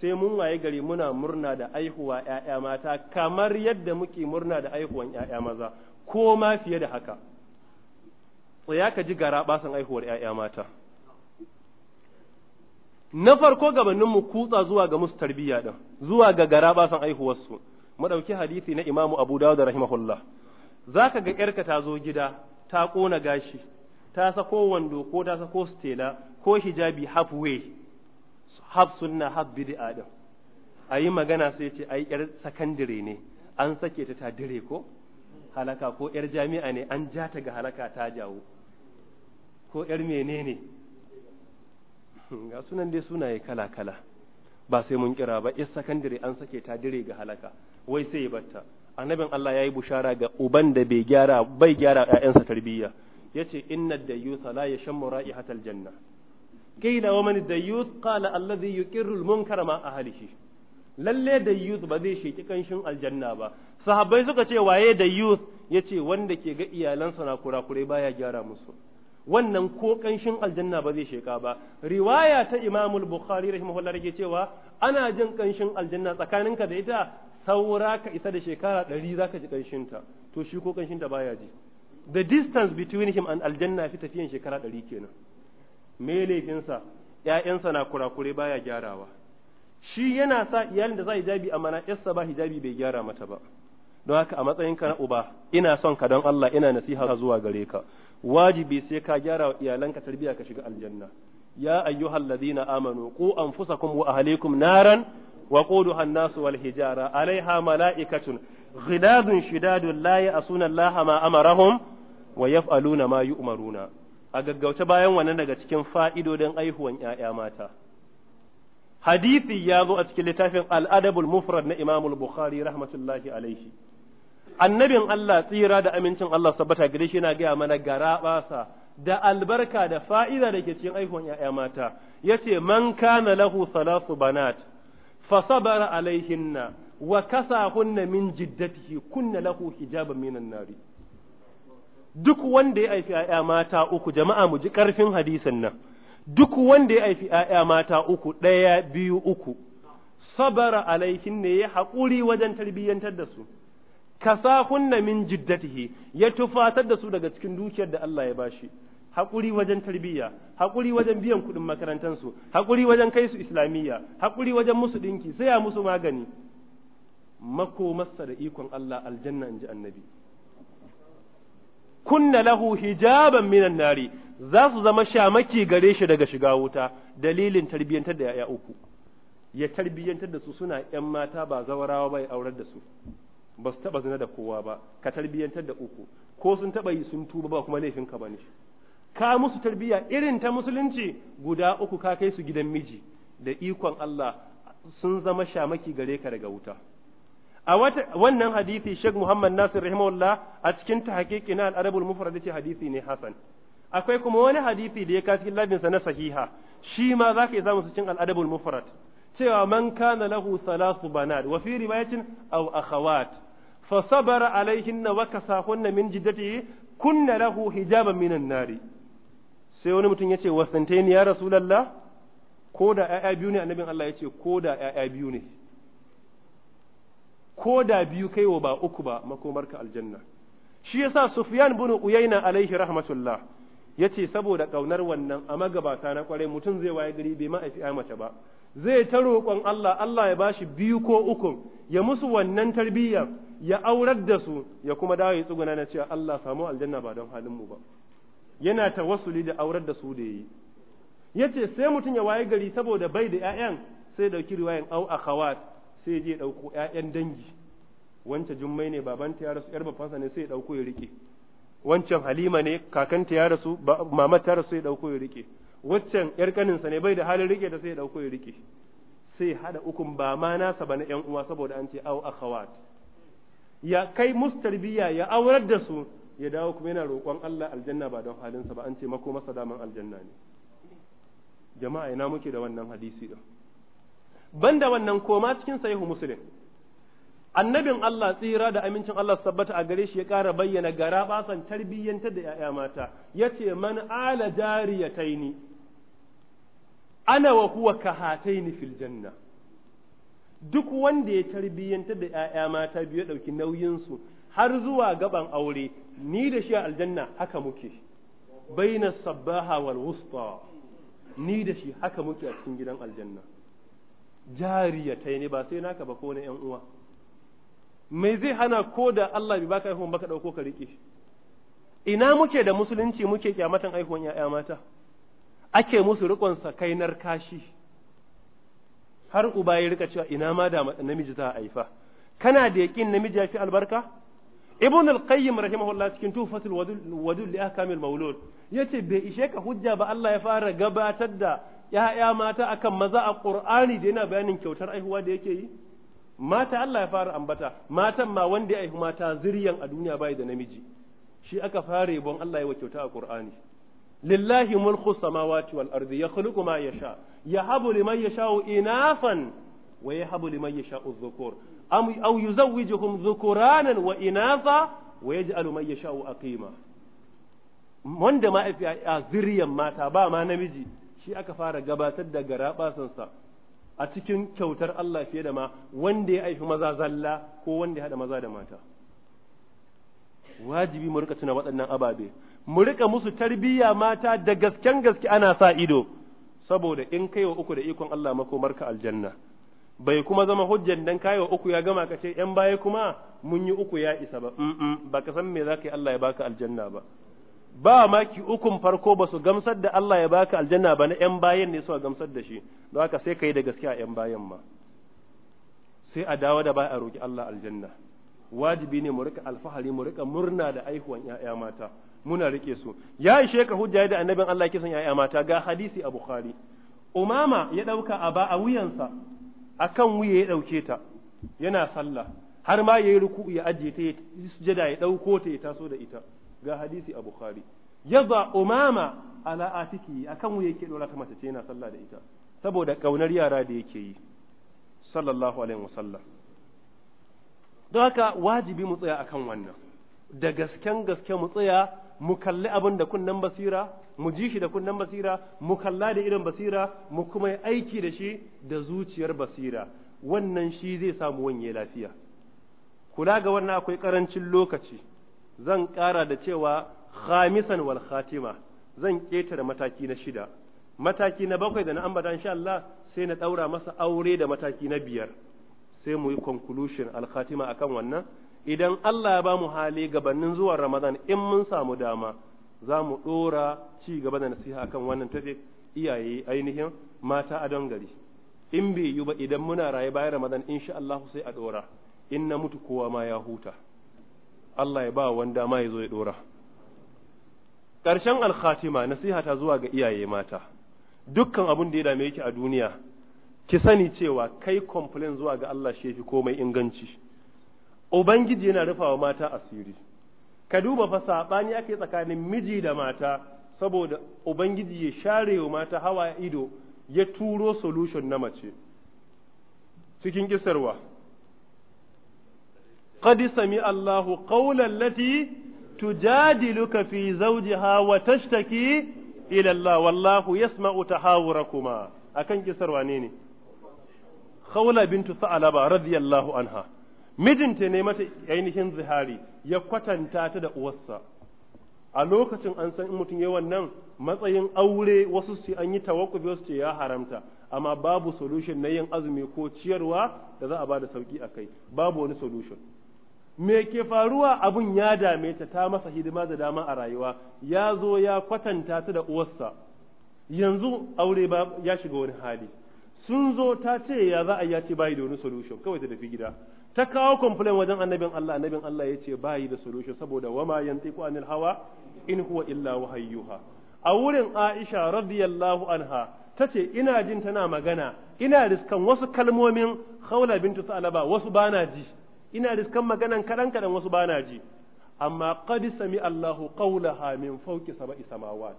sai mun waye gari muna murna da aihuwa ƴaƴa mata kamar yadda muke murna da aihuwan ƴaƴa maza ko ma fiye da haka tsaya ka ji gara basan aihuwar ‘ya'ya mata. Na farko gabaninmu kutsa zuwa ga musu tarbiyya ɗin, zuwa ga gara basan aihuwarsu, mu ɗauki hadisi na imamu Abu Dawud da rahimahullah. Za ka ga ‘yarka ta zo gida, ta ƙona gashi, ta sako wando ko ta sako stela ko hijabi halfway, half sunna half bid'a ɗin. A yi magana sai ce ai ‘yar sakandire ne, an sake ta ta dire ko? halaka ko ‘yar jami'a ne an ja ta ga halaka ta jawo ko ‘yar menene ga sunan dai sunaye kala-kala ba sai mun kira ba is sakandare an sake ta dire ga halaka wai sai batta annabin Allah ya yi bushara ga uban da bai gyara bai gyara ‘ya'yansa tarbiyya ya ce inna da yusa la ya shan mura'i janna gaila wa mani da yus qala allazi yuqirru al-munkara ma ahlihi lalle da yus ba zai sheki kanshin aljanna ba sahabbai suka ce waye da yus yace wanda ke ga iyalansa na kurakurai baya gyara musu wannan ko kanshin aljanna ba zai sheka ba riwaya ta imamu bukhari rahimahullah yake cewa ana jin ƙanshin aljanna tsakaninka da ita saura ka isa da shekara ɗari zaka ji kanshin ta to shi ko kanshin ta baya ji the distance between him and aljanna fi tafiyan shekara ɗari kenan me laifinsa ‘ya'yansa na kurakure baya gyarawa shi yana sa iyalin da za hijabi amana na ‘yarsa ba hijabi bai gyara mata ba don haka a matsayin ka na uba ina son ka don Allah ina nasiha zuwa gare ka wajibi sai ka gyara wa iyalanka tarbiya ka shiga aljanna ya ayyuhal ladina amanu an anfusakum wa ahlikum naran wa quduha an-nas wal hijara alaiha malaikatun ghiladun shidadun la ya'suna allaha ma amarahum wa yaf'aluna ma yu'maruna a gaggauta bayan wannan daga cikin fa'idodin aihuwan ‘ya'ya mata. Hadisi ya zo a cikin littafin al'adabul mufrad na Imamul Bukhari rahmatullahi alaihi. annabin Allah tsira da amincin Allah sabbata gare shi yana gaya mana gara da albarka da fa'ida da ke cikin aihuwan ‘ya'ya mata, ya ce, Man kana lahu salasu banat, fa fasabara alaihinna, wa kasa hunna min jiddatihi kunna lahu hijaban minan nari. Duk wanda ya haifi ‘ya'ya mata uku, jama'a mu ji ƙarfin hadisin nan, duk wanda ya haifi ‘ya'ya mata uku, ɗaya, biyu, uku, sabara alaihinna ya haƙuri wajen tarbiyyantar da su. kasahunna min jiddatihi ya tufatar da su daga cikin dukiyar da Allah ya bashi haƙuri wajen tarbiyya haƙuri wajen biyan kuɗin makarantansu haƙuri wajen kai su islamiyya haƙuri wajen musu ɗinki sai ya musu magani makomarsa da ikon Allah aljanna in ji annabi kunna lahu hijaban minan nari za su zama shamaki gare shi daga shiga wuta dalilin tarbiyyantar da ya'ya uku ya tarbiyyantar da su suna 'yan mata ba zawarawa ba ya aurar da su ba su taɓa zina da kowa ba ka tarbiyyantar da uku ko sun taba yi sun tuba ba kuma laifin ka bane ka musu tarbiya irin ta musulunci guda uku ka kai su gidan miji da ikon Allah sun zama shamaki gare ka daga wuta a wannan hadisi Sheikh Muhammad Nasir rahimahullah a cikin tahqiqi na al-Arabul Mufrad ce hadisi ne hasan akwai kuma wani hadisi da ya ka cikin labinsa na sahiha shi ma zaka iya samu su cikin al-Arabul Mufrad cewa man kana lahu salasu banat wa fi riwayatin aw akhawat fa sabara alaihinna wa kasahunna min jiddatihi kunna lahu hijaban minan sai wani mutum yace ni ya rasulullah ko da ƴaƴa biyu ne annabin Allah yace ko da ƴaƴa biyu ne ko da biyu kai wa ba uku ba makomarka aljanna shi yasa sufyan bin uyayna alaihi rahmatullah yace saboda kaunar wannan a magabata na kwarai mutum zai waye gari bai ma'aifi mace ba zai ta roƙon Allah Allah ya bashi biyu ko uku ya musu wannan tarbiyyar? ya aurar da su ya kuma dawo ya tsuguna na cewa Allah samu aljanna ba don halin mu ba yana tawassuli da aurar da su da yayi yace sai mutum ya waye gari saboda bai da ƴaƴan sai dauki riwayan au akhawat sai je dauko ƴaƴan dangi wancan jummai ne babanta ya rasu yar babansa ne sai ya dauko ya rike wancan halima ne kakanta ya rasu mama ta rasu ya dauko ya rike waccan yar kaninsa ne bai da halin rike da sai ya dauko ya rike sai hada ukun ba ma nasa ba na ƴan uwa saboda an ce au akhawat ya kai musu tarbiyya ya aurar da su ya dawo kuma yana roƙon Allah aljanna ba don halinsa ba an ce mako masa daman aljanna ne jama'a ina muke da wannan hadisi din banda wannan koma cikin sahihu muslim annabin Allah tsira da amincin Allah sabbata a gare shi ya ƙara bayyana gara basan tarbiyyantar da ‘ya'ya mata ya ce man ala jariyataini ana wa huwa kahataini fil janna duk wanda ya tarbiyyanta da ‘ya'ya mata biyu ya ɗauki nauyinsu har zuwa gaban aure ni da shi a aljanna haka muke baina sabbaha wal wusta ni da shi haka muke a cikin gidan aljanna jariya ta ne ba sai naka ba ko na ‘yan uwa me zai hana ko da Allah bai baka haihuwan baka ɗauko ka riƙe shi ina muke da musulunci muke kyamatan haihuwan ‘ya'ya mata ake musu riƙon sakainar kashi har uba ya rika cewa ina ma da namiji za a haifa kana da yakin namiji ya fi albarka ibn al-qayyim rahimahullah cikin tufatul wadul li ahkamil maulud yace bai ishe ka hujja ba Allah ya fara gabatar da ya'ya mata akan maza a qur'ani da yana bayanin kyautar aihuwa da yake yi mata Allah ya fara ambata matan ma wanda ya aihu mata zuriyan a duniya bai da namiji shi aka fara yabon Allah ya wa kyauta a qur'ani lillahi mulku samawati wal ardi yakhluqu ma yasha' yahabu liman yasha'u inafan wa yahabu liman yasha'u dhukur am aw yuzawwijuhum dhukuranan wa inafa wa yaj'alu man yasha'u aqima wanda ma a zuriyan mata ba ma namiji shi aka fara gabatar da garaɓasansa a cikin kyautar Allah fiye da ma wanda ya aifi maza zalla ko wanda ya haɗa maza da mata wajibi mu rika tuna waɗannan ababe mu rika musu tarbiyya mata da gasken gaske ana sa ido saboda in kai wa uku da ikon Allah makomarka aljanna bai kuma zama hujjan dan kai wa uku ya gama ka ce yan baya kuma mun yi uku ya isa ba ba ka san me za ka yi Allah ya baka aljanna ba ba maki ukun farko ba su gamsar da Allah ya baka aljanna ba na yan bayan ne su suka gamsar da shi don haka sai ka yi da gaskiya yan bayan ma sai a dawo da ba a roki Allah aljanna wajibi ne mu rika alfahari mu rika murna da aihuwan ƴaƴa mata muna rike su ya ishe ka hujja da annabin Allah yake son ya'ya mata ga hadisi a Bukhari Umama ya dauka a ba a wuyansa akan wuya ya dauke ta yana sallah har ma yayi ruku ya ajiye ta ya sujada ya dauko ta ya taso da ita ga hadisi a Bukhari yadha Umama ala atiki akan wuya yake dora ta mace ce yana sallah da ita saboda kaunar yara da yake yi sallallahu alaihi wasallam don haka wajibi mu tsaya akan wannan da gasken gaske mu tsaya mu kalli abin da kunnen basira mu ji shi da kunnen basira mu kalla da irin basira mu kuma yi aiki da shi da zuciyar basira wannan shi zai samu wanye lafiya kula ga wannan akwai karancin lokaci zan ƙara da cewa khamisan wal khatima zan ƙetare mataki na shida mataki na bakwai da na ambata insha Allah sai na ɗaura masa aure da mataki na biyar sai mu yi conclusion al khatima akan wannan idan Allah ya ba mu hali gabanin zuwa Ramadan in mun samu dama za mu ɗora ci gaba da nasiha kan wannan tafi iyaye ainihin mata a don gari in bai yi ba idan muna raye bayan Ramadan in shi Allah sai a ɗora in na mutu kowa ma ya huta Allah ya ba wani dama ya zo ya ɗora ƙarshen alkhatima nasiha ta zuwa ga iyaye mata dukkan abun da ya dame ki a duniya ki sani cewa kai complain zuwa ga Allah shi komai inganci ubangiji yana rufa wa mata asiri ka duba fa saɓani ake tsakanin miji da mata saboda ubangiji ya share wa mata hawa ido ya turo solution na mace cikin kisarwa qad sami Allahu qawlan lati tujadiluka fi zawjiha wa tashtaki ila Allah wallahu yasma'u tahawurakuma akan kisarwa ne ne khawla bintu sa'alaba radiyallahu anha mijinta ne mata ainihin zihari ya kwatanta ta da uwarsa a lokacin an san in mutum ya wannan matsayin aure wasu su an yi tawakkufi wasu ce ya haramta amma babu solution na yin azumi ko ciyarwa da za a bada sauki a kai babu wani solution me ke faruwa abun ya dame ta ta masa hidima da dama a rayuwa ya zo ya kwatanta ta da uwarsa yanzu aure ba ya shiga wani hali sun zo ta ce ya za a yi ya ce bayi da wani solution kawai ta tafi gida ta kawo complain wajen annabin Allah annabin Allah ya ce bayi da solution saboda wama yantiqu anil hawa in huwa illa wahayyuha a wurin Aisha radiyallahu anha tace ina jin tana magana ina riskan wasu kalmomin Khawla bintu Sa'laba wasu bana ji ina riskan maganan kadan kadan wasu bana ji amma qad sami Allahu qawlaha min fawqi sab'i samawat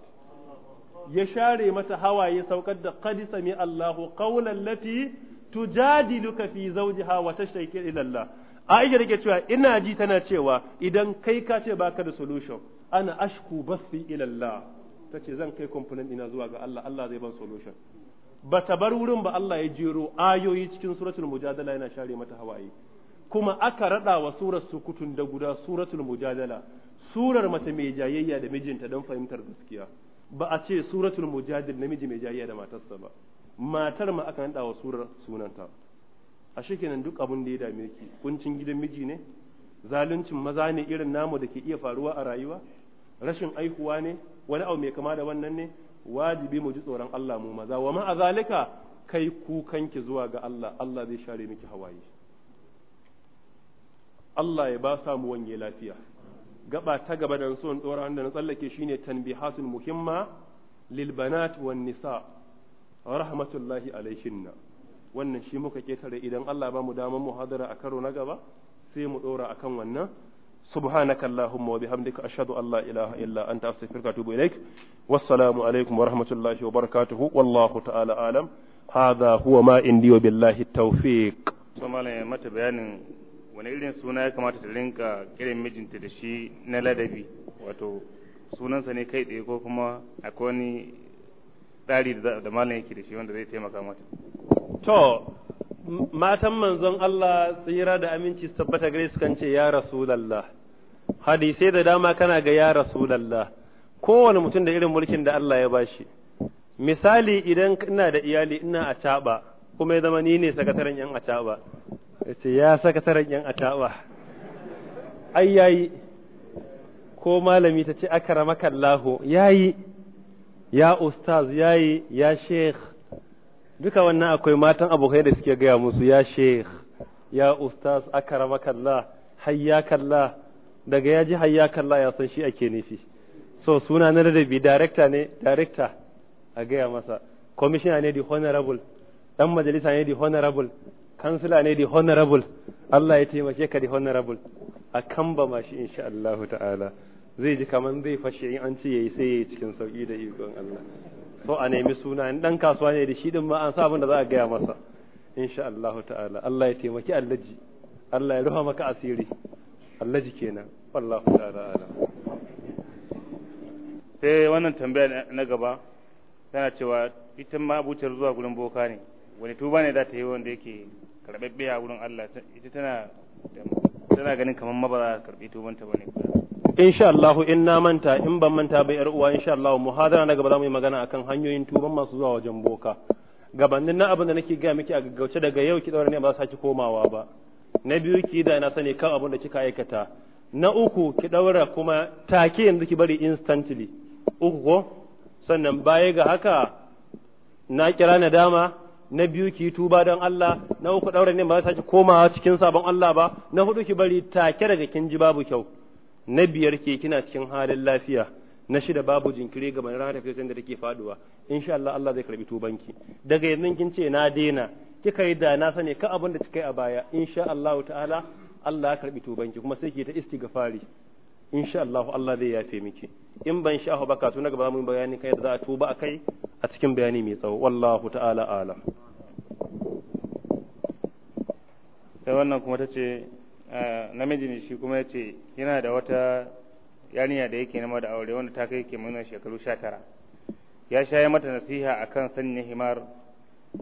ya share mata hawaye saukar da qad sami Allahu qawlan lati tujadiluka fi zawjiha wa tashtaki ila Allah Aisha take cewa ina ji tana cewa idan kai ka ce baka da solution ana ashku basi ila Allah tace zan kai complaint ina zuwa ga Allah Allah zai ban solution bata bar wurin ba Allah ya jero ayoyi cikin suratul mujadala yana share mata hawaye kuma aka rada wa surar sukutun da guda suratul mujadala surar mace mai jayayya da mijinta don fahimtar gaskiya ba a ce suratul mujadil namiji mai jayayya da matarsa ba matar ma aka nada wa surar sunanta a shikenan duk abin da ya dame ki kuncin gidan miji ne zaluncin maza ne irin namu da ke iya faruwa a rayuwa rashin aihuwa ne wani abu mai kama da wannan ne wajibi mu ji tsoron Allah mu maza wa ma azalika kai kukanki zuwa ga Allah Allah zai share miki hawaye Allah ya ba sa mu wani lafiya gaba ta gaba da son tsoron da na tsallake shine tanbihatul muhimma lil banat wan nisa rahmatullahi alaihinna wannan shi muka ketare idan Allah ba mu damar muhadara a karo na gaba sai mu dora akan wannan subhanaka allahumma wa bihamdika ashhadu an la ilaha illa anta astaghfiruka wa atubu ilaik wassalamu alaikum wa rahmatullahi wa barakatuhu wallahu ta'ala alam hadha huwa ma indi wa billahi taufik. to bayanin wani irin suna ya kamata ta rinka kiran mijinta da shi na ladabi wato sunansa ne kai tsaye ko kuma akwai wani tsari da malam yake da shi wanda zai taimaka mata to matan manzon Allah tsira da aminci tabbata gare su kan ce ya lalla. hadisai da dama kana ga ya rasu lalla. kowane mutum da irin mulkin da Allah ya bashi misali idan ina da iyali ina a caɓa, kuma ya zama ni ne sakataren yan a caɓa. yace ya sakataren yan a caɓa. ai ko malami ta ce akaramaka Allahu yayi ya ustaz yi ya sheikh duka wannan akwai matan abokai da suke gaya musu ya sheikh ya ustaz hayya kalla daga ya ji kalla ya san shi ake nufi so suna na radabi director ne director a gaya masa commissioner ne the honorable dan majalisa ne the honorable kansila ne the honorable Allah ya taimake ka the honorable a kamba ma shi insha Allah ta'ala zai ji kaman zai fashe in an ce yayi sai yayi cikin sauki da ikon Allah so a nemi suna in dan kasuwa ne da shi din ma an sa abin da za a gaya masa insha Allah ta'ala Allah ya taimaki Allahji Allah ya ruha maka asiri Allahji kenan wallahu ta'ala alam sai wannan tambaya na gaba tana cewa ita ma abucin zuwa gurin boka ne wani tuba ne za ta yi wanda yake karɓaɓɓe a wurin Allah ita tana tana ganin kamar mabara karɓi tubanta ba ne insha Allah in na manta in ban manta ba yar uwa insha Allah muhadara na gaba za mu yi magana akan hanyoyin tuban masu zuwa wajen boka gabanin na abin da nake ga miki a gaggauce daga yau ki daura ne ba za ki komawa ba na biyu ki da na sani kan abin da kika aikata na uku ki daura kuma take yanzu ki bari instantly uku ko sannan baya ga haka na kira na dama na biyu ki tuba don Allah na uku daura ne ba za ki komawa cikin sabon Allah ba na hudu ki bari take daga kin ji babu kyau na biyar ke kina cikin halin lafiya na shida babu jinkiri ga mai ranar tafiya da take faduwa insha Allah Allah zai karbi tubanki daga yanzu kin ce na daina kika yi da na sani ka abin da kika yi a baya insha Allah ta'ala Allah ya karbi tubanki kuma sai ki ta istighfari insha Allah Allah zai yafe miki in ban sha ba ka tuna gaba mun bayani kai da za a tuba akai a cikin bayani mai tsawo wallahu ta'ala alam sai wannan kuma tace namiji ne shi kuma ya ce yana da wata yarinya da yake nema da aure wanda ta kai ke kimanin shekaru sha tara ya sha ya mata nasiha akan sanya himar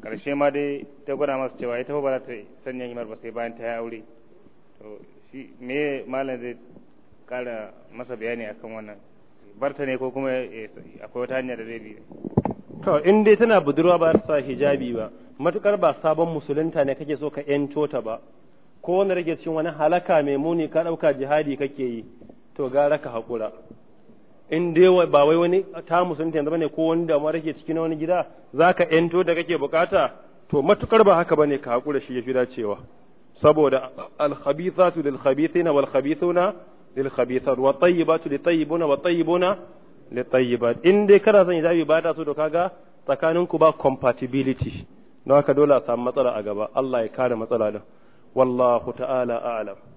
karshe ma dai ta gwada masa cewa ita ba za ta sanya himar ba sai bayan ta yi aure to shi me malam zai kara masa bayani akan wannan barta ne ko kuma akwai wata hanya da zai bi to in dai tana budurwa ba ta sa hijabi ba matukar ba sabon musulunta ne kake so ka yanto ta ba ko wanda rage cin wani halaka mai muni ka ɗauka jihadi kake yi to gara ka haƙura in dai ba wai wani ta musulunta yanzu bane ko wani damuwa rage cikin wani gida zaka ento da kake bukata to matukar ba haka bane ka haƙura shi yafi dacewa saboda al-khabithatu lil-khabithina wal-khabithuna lil-khabithat wa tayyibatu lit-tayyibuna wa tayyibuna lit-tayyibat in dai kana son zabi ba ta so to kaga tsakaninku ba compatibility don haka dole a samu matsala a gaba Allah ya kare matsala din والله تعالى أعلم